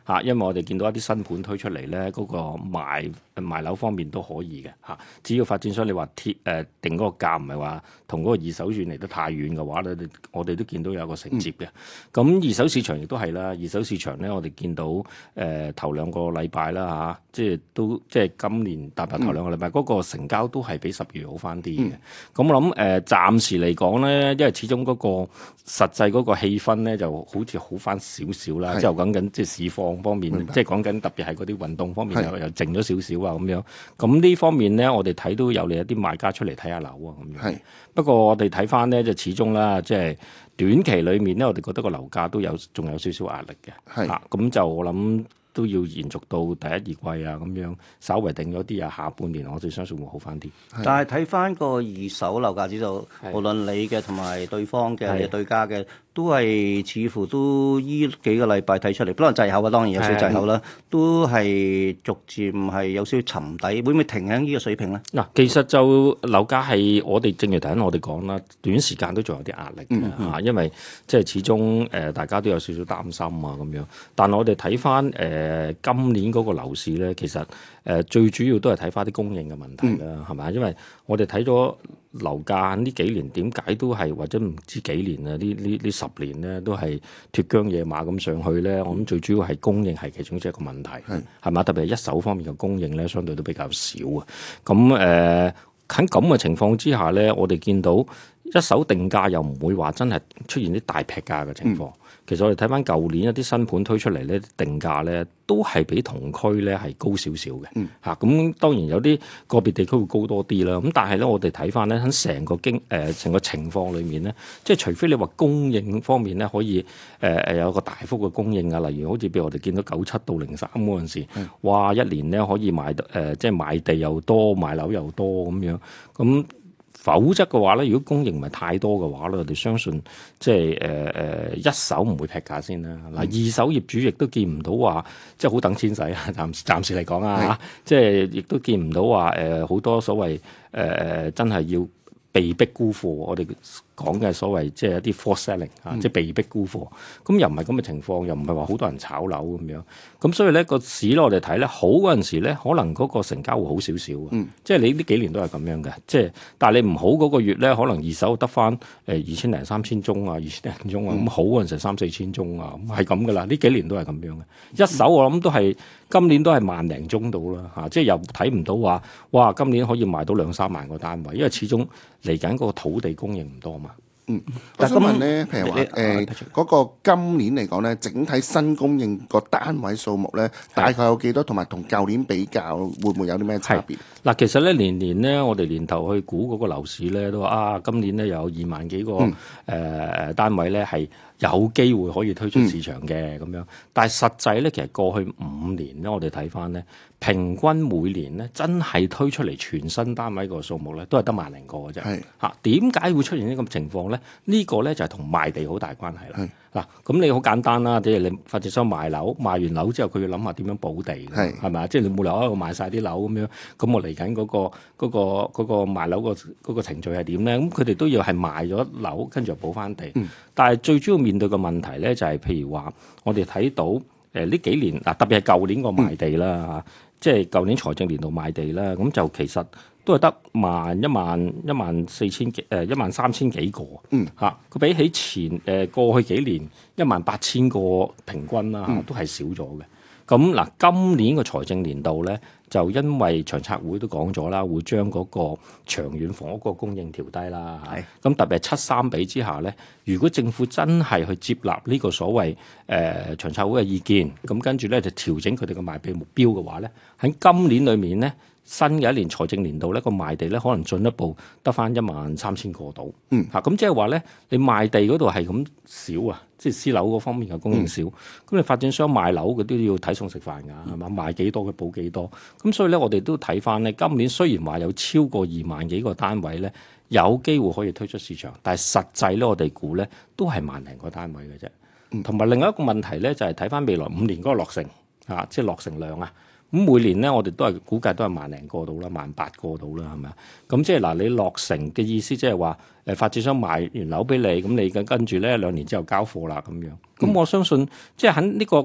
嚇，因為我哋見到一啲新盤推出嚟咧，嗰、那個賣賣樓方面都可以嘅嚇。只要發展商你話貼誒、呃、定嗰個價，唔係話同嗰個二手轉嚟得太遠嘅話咧，我哋都見到有個承接嘅。咁、嗯、二手市場亦都係啦，二手市場咧我哋見到誒、呃、頭兩個禮拜啦嚇，即係都即係今年踏入頭兩個禮拜，嗰、嗯、個成交都係比十月好翻啲嘅。咁、嗯、我諗誒、呃、暫時嚟講咧，因為始終嗰個實際嗰個氣氛咧就好似好翻少少啦，即係講緊緊即係市況。方面，即係講緊，特別係嗰啲運動方面又又靜咗少少啊，咁是樣。咁呢方面咧，我哋睇到有嚟一啲賣家出嚟睇下樓啊，咁樣。係是。不過我哋睇翻咧，始終就始終啦，即係短期裏面咧，我哋覺得個樓價都有仲有少少壓力嘅。係是。嗱，咁就我諗都要延續到第一二季啊，咁樣稍微定咗啲啊。下半年我哋相信會好翻啲。是但係睇翻個二手樓價指數，是無論你嘅同埋對方嘅是是對家嘅。都係似乎都依幾個禮拜睇出嚟，不能滯後啊，當然有少少滯後啦。都係逐漸係有少少沉底，會唔會停喺呢個水平咧？嗱，其實就樓價係我哋正如頭先我哋講啦，短時間都仲有啲壓力嘅、嗯嗯、因為即係始終誒、呃、大家都有少少擔心啊咁樣。但我哋睇翻誒今年嗰個樓市咧，其實誒、呃、最主要都係睇翻啲供應嘅問題啦，係嘛、嗯？因為我哋睇咗。樓價呢幾年點解都係或者唔知幾年啊？呢呢呢十年咧都係脫韁野馬咁上去咧。嗯、我諗最主要係供應係其中一個問題，係嘛是？特別係一手方面嘅供應咧，相對都比較少啊。咁誒喺咁嘅情況之下咧，我哋見到。一手定價又唔會話真係出現啲大劈價嘅情況。嗯、其實我哋睇翻舊年一啲新盤推出嚟咧，定價咧都係比同區咧係高少少嘅。嚇，咁當然有啲個別地區會高多啲啦。咁但係咧，我哋睇翻咧喺成個經誒成、呃、個情況裏面咧，即係除非你話供應方面咧可以誒誒、呃、有個大幅嘅供應啊，例如好似譬如我哋見到九七到零三嗰陣時，嗯、哇一年咧可以賣得誒，即係買地又多，買樓又多咁樣咁。否則嘅話咧，如果供應唔係太多嘅話咧，我哋相信即係誒誒一手唔會劈價先啦。嗱、嗯，二手業主亦都見唔到話即係好等錢使啊，暫暫時嚟講啊，是即係亦都見唔到話誒好多所謂誒、呃、真係要被逼辜負我哋。講嘅所謂即係一啲 force selling 啊，即係被逼沽貨。咁又唔係咁嘅情況，又唔係話好多人炒樓咁樣。咁所以咧個市咧我哋睇咧好嗰陣時咧，可能嗰個成交會好少少、嗯、即係你呢幾年都係咁樣嘅。即係但係你唔好嗰個月咧，可能二手得翻誒二千零三千宗啊，二千零宗啊。咁、嗯、好嗰陣時三四千宗啊，係咁噶啦。呢幾年都係咁樣嘅。一手我諗都係今年都係萬零宗到啦嚇。即係又睇唔到話哇，今年可以賣到兩三萬個單位，因為始終嚟緊嗰個土地供應唔多。嗯，這我想問咧，譬如話誒，嗰個今年嚟講咧，整體新供應個單位數目咧，大概有幾多？同埋同舊年比較，會唔會有啲咩差別？嗱，其實咧年年咧，我哋年頭去估嗰個樓市咧，都話啊，今年咧有二萬幾個誒、呃、單位咧，係有機會可以推出市場嘅咁樣。但係實際咧，其實過去五年咧，我哋睇翻咧，平均每年咧，真係推出嚟全新單位個數目咧，都係得萬零個嘅啫。嚇，點解會出現呢個情況咧？這個、呢個咧就係、是、同賣地好大關係啦。嗱，咁你好簡單啦。譬如你發展商賣樓，賣完樓之後想想，佢要諗下點樣補地，係咪啊？即係你冇留喺度賣晒啲樓咁樣，咁我嚟緊嗰個嗰個嗰個賣樓個嗰個程序係點咧？咁佢哋都要係賣咗樓，跟住又補翻地。但係最主要面對嘅問題咧，就係、是、譬如話，我哋睇到誒呢幾年嗱，特別係舊年個賣地啦，嚇、嗯，即係舊年財政年度賣地啦，咁就其實。都係得萬一萬一萬四千幾誒一萬三千幾個，嚇佢、嗯、比起前誒過去幾年一萬八千個平均啦、啊，都係少咗嘅。咁嗱，今年個財政年度咧，就因為長策會都講咗啦，會將嗰個長遠房屋個供應調低啦。咁是的 特別係七三比之下咧，如果政府真係去接納呢個所謂誒長策會嘅意見，咁跟住咧就調整佢哋嘅賣地目標嘅話咧，喺今年裏面咧。.新嘅一年財政年度咧，個賣地咧可能進一步得翻一萬三千個度。嗯，嚇咁即係話咧，你賣地嗰度係咁少啊，即係私樓嗰方面嘅供應少。咁、嗯、你發展商賣樓佢都要睇餸食飯㗎，係嘛、嗯？賣幾多佢報幾多。咁所以咧，我哋都睇翻咧，今年雖然話有超過二萬幾個單位咧，有機會可以推出市場，但係實際咧我哋估咧都係萬零個單位嘅啫。同埋、嗯、另外一個問題咧，就係睇翻未來五年嗰個落成啊，即係落成量啊。咁每年咧，我哋都係估計都係萬零個到啦，萬八個到啦，係咪啊？咁即係嗱，你落成嘅意思即係話，誒發展商賣完樓俾你，咁你跟住咧兩年之後交貨啦咁樣。咁我相信，嗯、即係喺呢個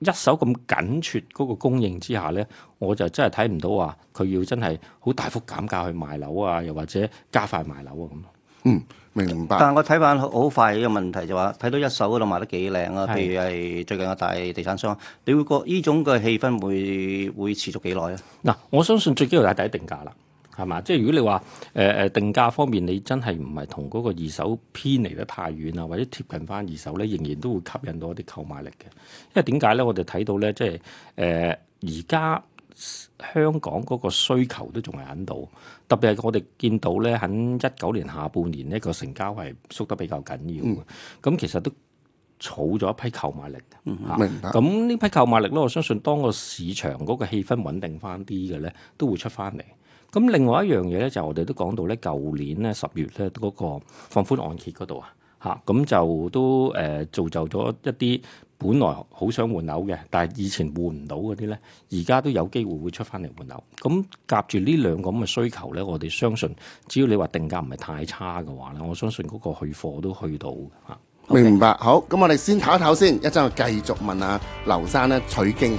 一手咁緊缺嗰個供應之下咧，我就真係睇唔到話佢要真係好大幅減價去賣樓啊，又或者加快賣樓啊咁。嗯，明白。但係我睇翻好快嘅問題就話，睇到一手嗰度賣得幾靚啊？譬如係最近嘅大地產商，你會覺呢種嘅氣氛會會持續幾耐啊？嗱、嗯，我相信最緊要係第一定價啦，係嘛？即係如果你話誒誒定價方面，你真係唔係同嗰個二手偏離得太遠啊，或者貼近翻二手咧，仍然都會吸引到一啲購買力嘅。因為點解咧？我哋睇到咧，即係誒而家香港嗰個需求都仲係喺度。特別係我哋見到咧，喺一九年下半年呢個成交係縮得比較緊要咁、嗯、其實都儲咗一批購買力。嗯嗯、明白。咁呢批購買力咧，我相信當個市場嗰個氣氛穩定翻啲嘅咧，都會出翻嚟。咁另外一樣嘢咧，就我哋都講到咧，舊年咧十月咧嗰個放寬按揭嗰度啊。嚇，咁就都誒造就咗一啲本來好想換樓嘅，但係以前換唔到嗰啲咧，而家都有機會會出翻嚟換樓。咁夾住呢兩個咁嘅需求咧，我哋相信，只要你話定價唔係太差嘅話咧，我相信嗰個去貨都去到嚇。明唔明白？好，咁我哋先唞一唞先，一陣我繼續問下劉生咧取經。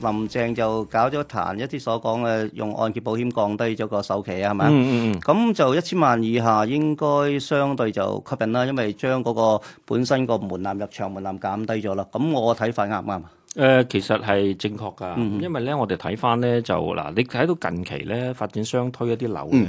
林鄭就搞咗談一啲所講嘅用按揭保險降低咗個首期啊，係咪？咁、嗯嗯、就一千萬以下應該相對就吸引啦，因為將嗰個本身個門檻入場門檻減低咗啦。咁我嘅睇法啱唔啱啊？誒、呃，其實係正確㗎。嗯嗯，因為咧，我哋睇翻咧就嗱，你睇到近期咧發展商推一啲樓嘅。嗯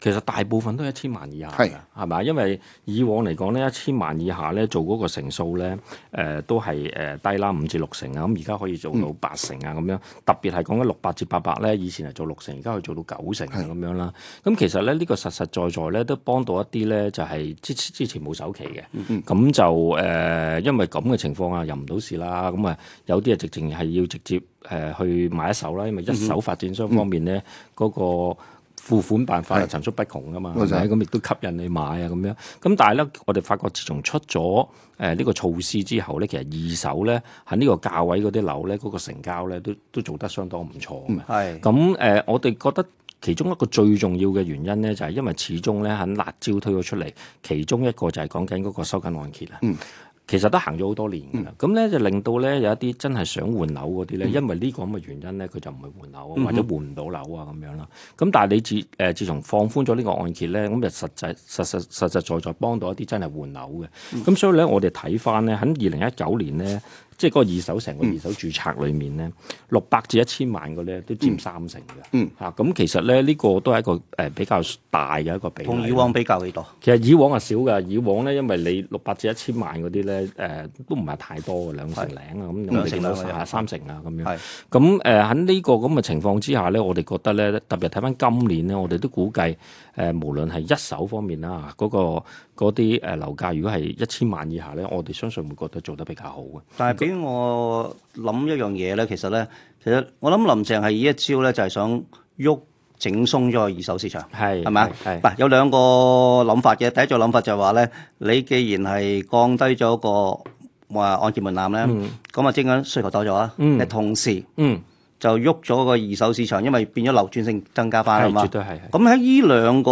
其實大部分都係一千萬以下㗎，係咪是？因為以往嚟講咧，一千萬以下咧做嗰個數呢、呃、成數咧，誒都係誒低啦，五至六成啊。咁而家可以做到八成啊，咁、嗯、樣特別係講緊六百至八百咧，以前係做六成，而家可以做到九成咁是樣啦。咁其實咧，呢、這個實實在在咧都幫到一啲咧、就是，就係之之前冇首期嘅，咁、嗯、就誒、呃、因為咁嘅情況啊，入唔到市啦。咁啊有啲啊直情係要直接誒去買一手啦，因為一手發展商方面咧嗰個。嗯嗯付款辦法啊，層是出不窮㗎嘛，咁吧亦都吸引你買啊咁樣。咁但係咧，我哋發覺自從出咗誒呢個措施之後咧，其實二手咧喺呢個價位嗰啲樓咧，嗰、嗰個成交咧都都做得相當唔錯。係咁誒，我哋覺得其中一個最重要嘅原因咧，就係因為始終咧喺辣椒推咗出嚟，其中一個就係講緊嗰個收緊按揭啊。其實都行咗好多年㗎，咁咧、嗯、就令到咧有一啲真係想換樓嗰啲咧，嗯、因為呢個咁嘅原因咧，佢就唔會換樓或者換唔到樓啊咁樣啦。咁但係你自誒、呃、自從放寬咗呢個按揭咧，咁就實際實際實際實實在在幫到一啲真係換樓嘅。咁、嗯、所以咧，我哋睇翻咧喺二零一九年咧。即係嗰個二手成個二手註冊裏面咧，六百至一千萬嘅咧都佔三成嘅。嚇、嗯，咁其實咧呢、呢個都係一個誒比較大嘅一個比例。同以往比較幾多？其實以往係少㗎，以往咧因為你六百至一千萬嗰啲咧誒都唔係太多嘅兩成零啊咁，兩成兩三成啊咁樣。係咁，誒喺呢個咁嘅情況之下咧，我哋覺得咧特別係睇翻今年咧，我哋都估計。誒、呃，無論係一手方面啦，嗰、那個嗰啲誒樓價，如果係一千萬以下咧，我哋相信會覺得做得比較好嘅。但係俾我諗一樣嘢咧，其實咧，其實我諗林鄭係以一招咧，就係、是、想喐整鬆咗二手市場，係係咪啊？嗱是是，有兩個諗法嘅，第一個諗法就係話咧，你既然係降低咗個話按揭門檻咧，咁啊、嗯，即係需求多咗啊，同時。嗯就喐咗個二手市場，因為變咗流轉性增加翻啊嘛。是嗎絕對係。咁喺呢兩個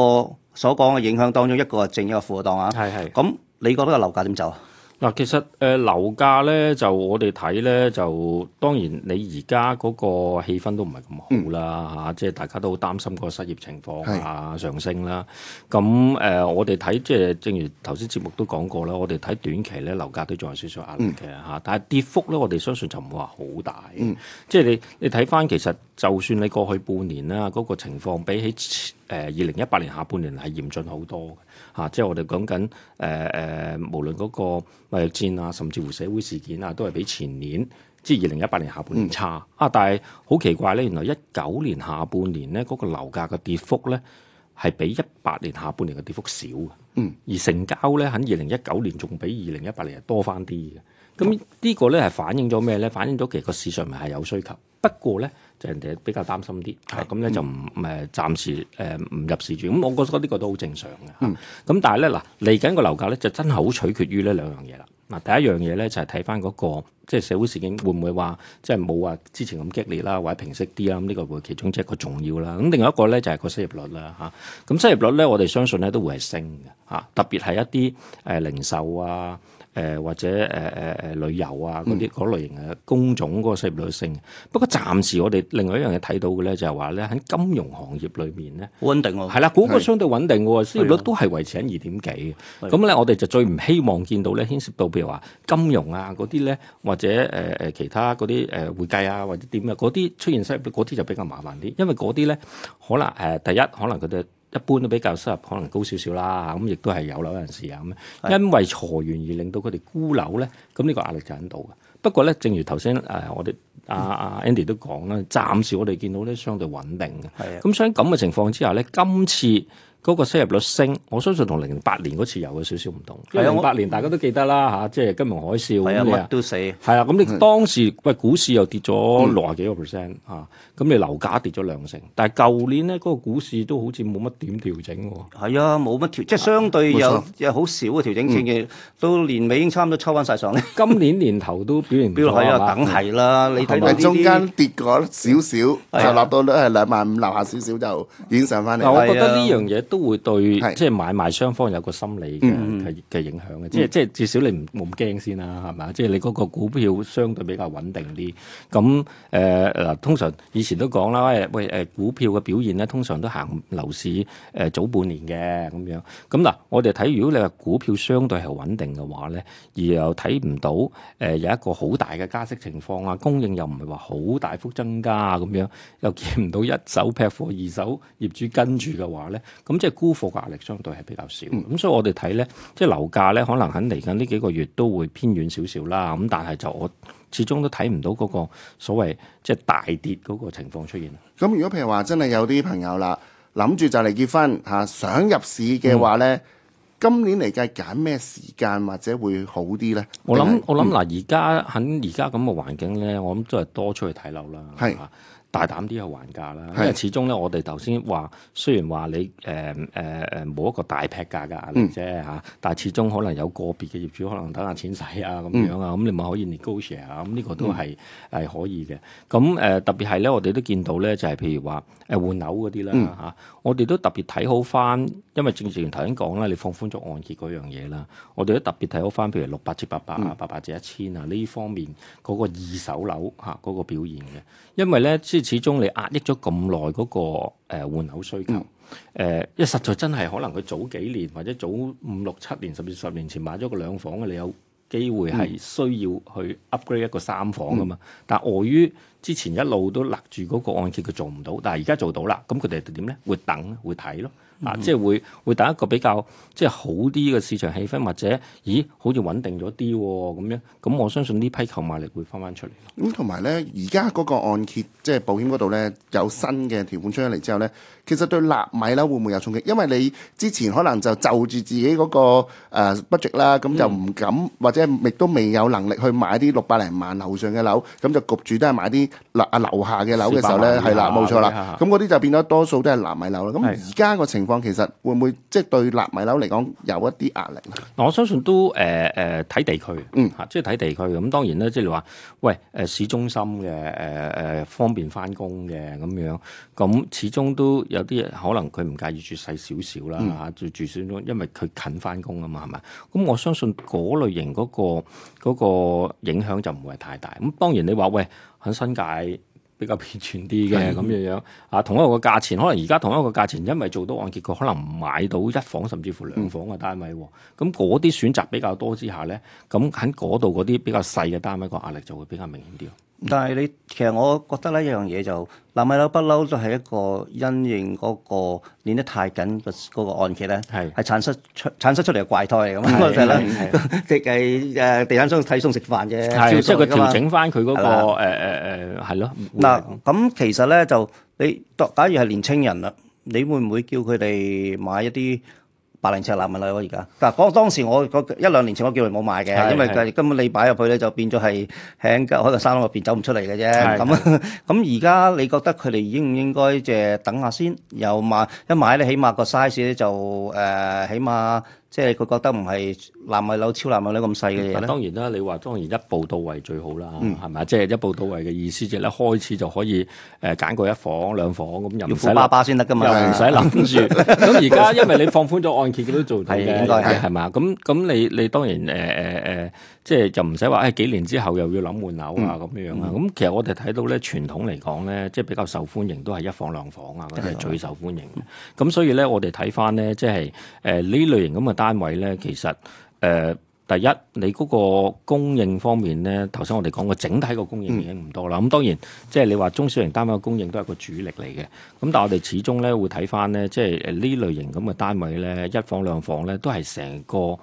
所講嘅影響當中，一個係正，一個係負嘅檔啊。係係。咁你覺得個樓價點走啊？嗱，其實誒，樓價咧就我哋睇咧，就當然你而家嗰個氣氛都唔係咁好啦，吓，嗯啊，即係大家都好擔心個失業情況啊是上升啦，啊。咁誒，呃，我哋睇即係正如頭先節目都講過啦，我哋睇短期咧樓價都仲有少少壓力嘅吓，嗯，但係跌幅咧我哋相信就唔會話好大。嗯，即係你你睇翻，其實就算你過去半年啦，嗰，嗰個情況比起誒二零一八年下半年係嚴峻好多。嚇、啊！即係我哋講緊誒誒，無論嗰個貿易戰啊，甚至乎社會事件啊，都係比前年即係二零一八年下半年差、嗯、啊！但係好奇怪咧，原來一九年下半年咧，嗰個樓價嘅跌幅咧係比一八年下半年嘅跌幅少嘅。嗯，而成交咧，喺二零一九年仲比二零一八年係多翻啲嘅。咁、這個、呢個咧係反映咗咩咧？反映咗其實個市場咪係有需求，不過咧就人哋比較擔心啲，咁咧、嗯啊、就唔誒暫時誒唔入市住。咁、嗯、我覺得呢個都好正常嘅。咁、啊、但係咧嗱嚟緊個樓價咧就真係好取決於呢兩樣嘢啦。嗱第一樣嘢咧就係睇翻嗰個即係、就是、社會事件會唔會話即係冇話之前咁激烈啦，或者平息啲啦。咁呢個會其中一個重要啦。咁另外一個咧就係、是、個失業率啦嚇。咁失業率咧我哋相信咧都會係升嘅嚇、啊，特別係一啲誒、呃、零售啊。誒或者誒誒誒旅遊啊，嗰啲嗰類型嘅工種，嗰個失業率升。嗯、不過暫時我哋另外一樣嘢睇到嘅咧就係話咧喺金融行業裏面咧好穩定喎，係啦，嗰、嗰個相對穩定嘅，失業率都係維持喺二點幾嘅。咁咧的我哋就最唔希望見到咧牽涉到譬如話金融啊嗰啲咧，或者誒誒其他嗰啲誒會計啊或者點嘅嗰啲出現失業嗰啲就比較麻煩啲，因為嗰啲咧可能誒第一可能佢哋。一般都比較適合，可能高少少啦，咁亦都係有樓人士啊咁。是的 因為裁員而令到佢哋沽樓咧，咁、這、呢個壓力就喺度嘅。不過咧，正如頭先誒我哋阿阿 Andy 都講啦，暫時我哋見到咧相對穩定嘅。咁是的、嗯、所以咁嘅情況之下咧，今次。嗰個收入率升，我相信同零八年嗰次有少少唔同。因為零八年大家都記得啦嚇，即係金融海嘯咁樣，乜都死。係啊，咁你當時喂股市又跌咗六十幾個 percent 嚇，咁你樓價跌咗兩成。但係舊年咧，嗰個股市都好似冇乜點調整喎。係啊，冇乜調，即係相對有又好少嘅調整先嘅。到年尾已經差唔多抽翻晒上嚟。今年年頭都表現唔錯。係啊，梗係啦，你睇睇中間跌過少少，就立到都係兩萬五，留下少少就捲上翻嚟。我覺得呢樣嘢都，都會對即係買賣雙方有個心理嘅嘅影響嘅，嗯、即係即係至少你唔冇咁驚先啦，係咪？即係你嗰個股票相對比較穩定啲，咁誒嗱，通常以前都講啦，喂誒、呃、股票嘅表現咧，通常都行樓市誒、呃、早半年嘅咁樣。咁嗱，我哋睇如果你話股票相對係穩定嘅話咧，而又睇唔到誒、呃、有一個好大嘅加息情況啊，供應又唔係話好大幅增加啊，咁樣又見唔到一手劈貨，二手業主跟住嘅話咧，咁。即係沽貨壓力相對係比較少，咁、嗯、所以我哋睇咧，即係樓價咧，可能喺嚟緊呢幾個月都會偏軟少少啦。咁但係就我始終都睇唔到嗰個所謂即係大跌嗰個情況出現。咁如果譬如話真係有啲朋友啦，諗住就嚟結婚吓，想入市嘅話咧，嗯、今年嚟計揀咩時間或者會好啲咧想、嗯？我諗我諗嗱，而家喺而家咁嘅環境咧，我諗都係多出去睇樓啦。係。大膽啲去還價啦，因為始終咧，我哋頭先話，雖然話你誒誒誒冇一個大劈價嘅壓力啫嚇，嗯、但係始終可能有個別嘅業主可能等下錢使啊咁樣啊，咁、嗯、你咪可以 negotiate 啊，咁呢個都係係可以嘅。咁誒、呃、特別係咧，我哋都見到咧，就係、是、譬如話誒、呃、換樓嗰啲啦嚇，我哋都特別睇好翻。因為正正頭先講啦，你放寬咗按揭嗰樣嘢啦，我哋都特別睇好翻，譬如六百至八百啊，八百至一千啊，呢方面嗰、嗰個二手樓嚇嗰個表現嘅。因為咧，即係始終你壓抑咗咁耐嗰個誒、呃、換樓需求，誒、嗯，因為實在真係可能佢早幾年或者早五六七年甚至十年前買咗個兩房嘅，你有機會係需要去 upgrade 一個三房噶嘛。嗯、但係礙於之前一路都勒住嗰個按揭，佢做唔到。但係而家做到啦，咁佢哋點咧？會等，會睇咯。啊！即係會會打一個比較即係好啲嘅市場氣氛，或者咦好似穩定咗啲喎咁樣。咁我相信呢批購買力會翻翻出嚟。咁同埋咧，而家嗰個按揭即係保險嗰度咧，有新嘅條款出咗嚟之後咧，其實對納米樓會唔會有衝擊？因為你之前可能就就住自己嗰、嗰個、uh, budget 啦，咁就唔敢或者亦都未有能力去買啲六百零萬樓上嘅樓，咁就焗住都係買啲啊，啊樓下嘅樓嘅時候咧，係啦冇錯啦。咁嗰啲就變咗多數都係納米樓啦。咁而家個情講，其實會唔會即係、就是、對納米樓嚟講有一啲壓力嗱，我相信都誒誒睇地區，嗯吓，即係睇地區咁。當然啦，即係話喂，誒市中心嘅，誒、呃、誒方便翻工嘅咁樣，咁始終都有啲可能佢唔介意住細少少啦吓，住住少咗，因為佢近翻工啊嘛，係咪？咁我相信嗰類型嗰、嗰個、嗰個影響就唔會太大。咁當然你話喂喺新界。比較偏遠啲嘅咁樣樣啊，同一個價錢，可能而家同一個價錢，因為做到按揭，佢可能唔買到一房甚至乎兩房嘅單位喎。咁嗰啲選擇比較多之下呢，咁喺嗰度嗰啲比較細嘅單位個壓力就會比較明顯啲。但係，你其實我覺得咧一樣嘢就納米樓不嬲都係一個因應嗰，那個連得太緊個嗰個按揭咧，係是產生出產生出嚟嘅怪胎嚟咁。係咯是，即係誒地產商睇餸食飯啫。即係佢調整翻佢嗰個誒誒誒，係咯的。嗱咁、呃、那其實咧就你假假如係年青人啦，你會唔會叫佢哋買一啲？百零七男文女咯，而家嗱，嗰當時我，我一兩年前我叫佢冇買嘅，因為佢根本你擺入去咧就變咗係㱃鳩喺個山窿入邊走唔出嚟嘅啫。咁咁而家你覺得佢哋應唔應該即係等下先？又買一買咧，起碼個 size 咧就誒、呃，起碼。即係佢覺得唔係納米樓、超納米樓咁細嘅嘢，當然啦，你話當然一步到位最好啦，係咪、嗯？即係、就是、一步到位嘅意思，即係一開始就可以誒揀個一房兩房咁，又唔使爸爸先得噶嘛，又唔使諗住。咁而家因為你放寬咗 按揭，佢都做到，係咪啊？咁咁你你當然誒誒誒。呃呃即係就唔使話，誒、哎、幾年之後又要諗換樓啊咁樣啊。咁、嗯、其實我哋睇到咧，傳統嚟講咧，即係比較受歡迎都係一房兩房啊，嗰啲係最受歡迎。咁、嗯、所以咧，我哋睇翻咧，即係誒呢類型咁嘅單位咧，其實誒、呃、第一你嗰個供應方面咧，頭先我哋講過，整體個供應已經唔多啦。咁、嗯、當然，即係你話中小型單位嘅供應都係一個主力嚟嘅。咁但係我哋始終咧會睇翻咧，即係誒呢類型咁嘅單位咧，一房兩房咧都係成個，成個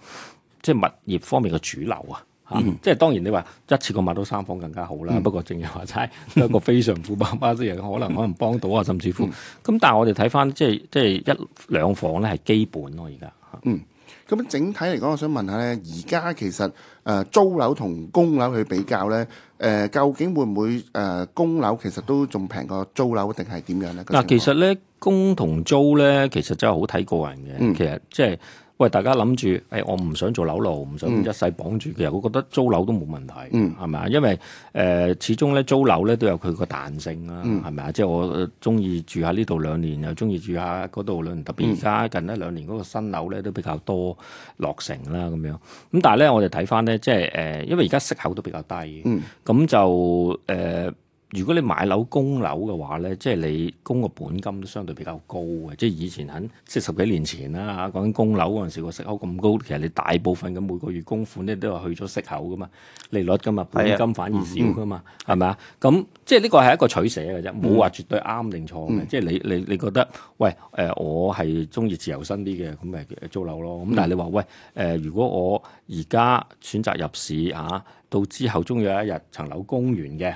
即係物業方面嘅主流啊。嗯、即係當然你話一次過買到三房更加好啦，嗯、不過正如話齋，嗯、一個非常富爸爸啲人 可能可能幫到啊，甚至乎咁。嗯、但係我哋睇翻即係即係一兩房咧係基本咯，而家嗯，咁樣整體嚟講，我想問下咧，而家其實誒、呃，租樓同供樓去比較咧，誒、呃，究竟會唔會誒供樓其實都仲平過租樓，定係點樣咧？嗱，其實咧供同租咧，嗯、其實真係好睇個人嘅，其實即係。喂，大家諗住，誒、欸，我唔想做樓奴，唔想一世綁住，其實我覺得租樓都冇問題，係咪啊？因為誒、呃，始終咧租樓咧都有佢個彈性啦，係咪啊？嗯、即係我中意住下呢度兩年，又中意住下嗰度兩年，特別而家近一兩年嗰個新樓咧都比較多落成啦，咁樣。咁但係咧，我哋睇返咧，即係誒、呃，因為而家息口都比較低，咁、嗯、就誒。呃如果你買樓供樓嘅話咧，即、就、係、是、你供個本金都相對比較高嘅、就是。即係以前喺即係十幾年前啦嚇，講緊供樓嗰陣時個息口咁高，其實你大部分嘅每個月供款咧都係去咗息口㗎嘛，利率㗎嘛，本金反而少㗎嘛，係咪啊？咁、嗯、即係呢個係一個取捨嘅啫，冇話絕對啱定錯嘅。嗯、即係你你你覺得喂誒，我係鍾意自由身啲嘅，咁咪租樓咯。咁但係你話喂誒、呃，如果我而家選擇入市嚇、啊，到之後終於有一日層樓供完嘅。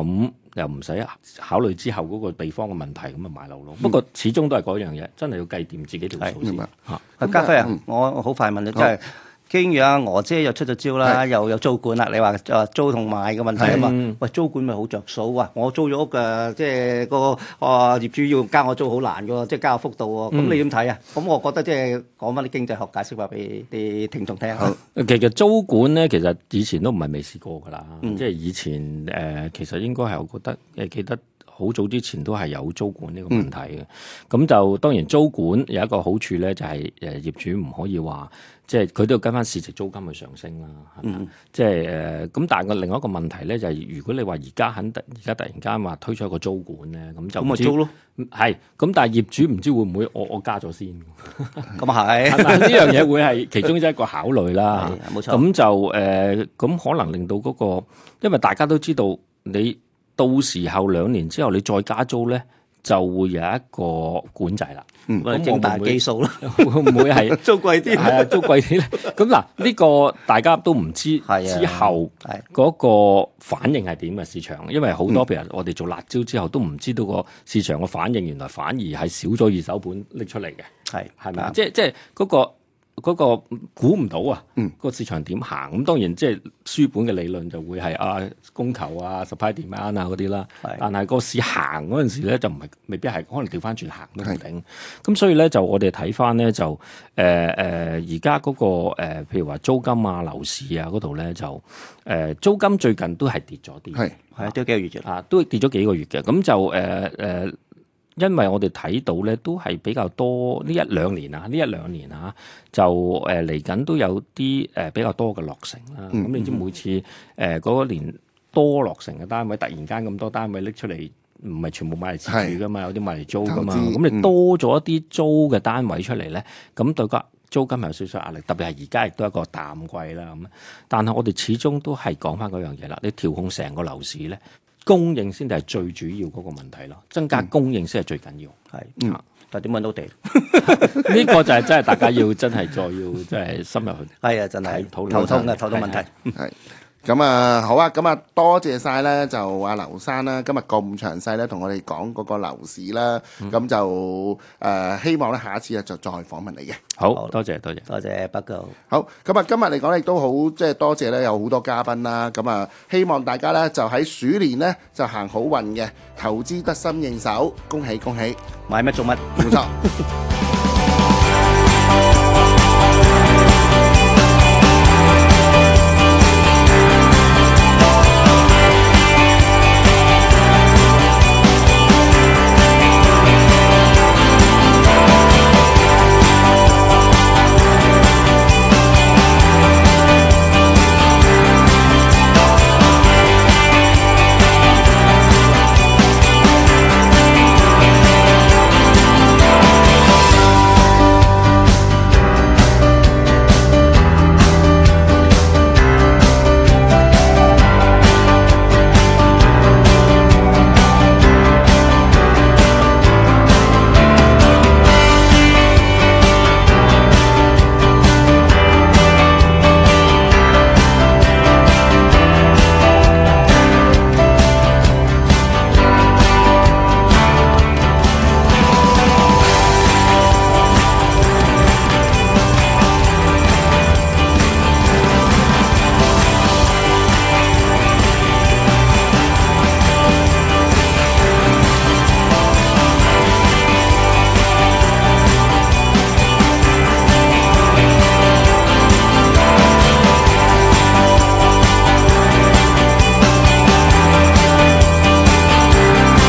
咁又唔使考慮之後嗰個地方嘅問題，咁就買樓咯。不過始終都係嗰樣嘢，真係要計掂自己條數先啦。嚇，阿家輝啊，我好快問你，真係好。即係竟然阿娥姐又出咗招啦，又有租管啦！你話啊租同賣嘅問題啊嘛，的喂，租管咪好着數啊！我租咗屋誒，即係、那個啊、哦、業主要加我租好難噶，即係加個幅度啊！咁你點睇啊？咁、嗯、我覺得即係講翻啲經濟學解釋，話俾啲聽眾聽下。好，其實租管咧，其實以前都唔係未試過噶啦，嗯、即係以前誒、呃，其實應該係我覺得，誒記得好早之前都係有租管呢個問題嘅。咁、嗯嗯、就當然租管有一個好處咧，就係誒業主唔可以話。即係佢都要跟翻市值租金去上升啦，係咪？嗯、即係誒咁，但係我另外一個問題咧，就係、是、如果你話而家肯而家突然間話推出一個租管咧，咁就咁咪租咯？係咁，但係業主唔知會唔會我我加咗先、嗯 吧？咁啊係，呢樣嘢會係其中一個考慮啦。冇 錯就。咁就誒咁可能令到嗰、那個，因為大家都知道你到時候兩年之後你再加租咧。就會有一個管制啦，咁、嗯、增大基數啦，唔 會係租 貴啲，係 啊，租貴啲咧。咁嗱，呢個大家都唔知 之後嗰個反應係點嘅市場，因為好多、嗯、譬如我哋做辣椒之後，都唔知道個市場個反應，原來反而係少咗二手盤拎出嚟嘅，係係咪啊？即即嗰個。嗰、那個估唔到啊！嗯、那，個市場點行？咁當然即係書本嘅理論就會係啊供求啊 supply demand 啊嗰啲啦。是的 但係個市行嗰陣時咧，就唔係未必係，可能調翻轉行都唔定。咁是的 所以咧，就我哋睇翻咧，就誒誒而家嗰個、呃、譬如話租金啊、樓市啊嗰度咧，就誒、呃、租金最近都係跌咗啲。係係啊，都幾個月嘅啊，都跌咗幾個月嘅。咁就誒誒。嗯嗯嗯因為我哋睇到咧，都係比較多呢一兩年啊，呢一兩年啊，就誒嚟緊都有啲誒、呃、比較多嘅落成啦、啊。咁、嗯、你知每次誒嗰、呃那個、年多落成嘅單位，突然間咁多單位拎出嚟，唔係全部買嚟自住噶嘛，有啲買嚟租噶嘛。咁、嗯、你多咗一啲租嘅單位出嚟咧，咁、嗯、對個租金係有少少壓力，特別係而家亦都係一個淡季啦。咁，但係我哋始終都係講翻嗰樣嘢啦，你調控成個樓市咧，呢供應先係最主要嗰個問題咯，增加供應先係最緊要，係、嗯。嗯、但點揾到地？呢 個就係真係大家要真係再要真係深入去討論。係啊， 真係頭痛嘅頭痛問題。係。咁啊，好啊，咁啊，多謝晒咧，就阿劉生啦，今日咁詳細咧，同我哋講嗰個樓市啦，咁就誒，希望咧下一次啊，就再訪問你嘅。好多謝，多謝，多謝，不疚。好，咁啊，今日嚟講咧，亦都好，即係多謝咧，有好多嘉賓啦，咁啊，希望大家咧就喺鼠年咧就行好運嘅，投資得心應手，恭喜恭喜，買乜做乜，冇錯。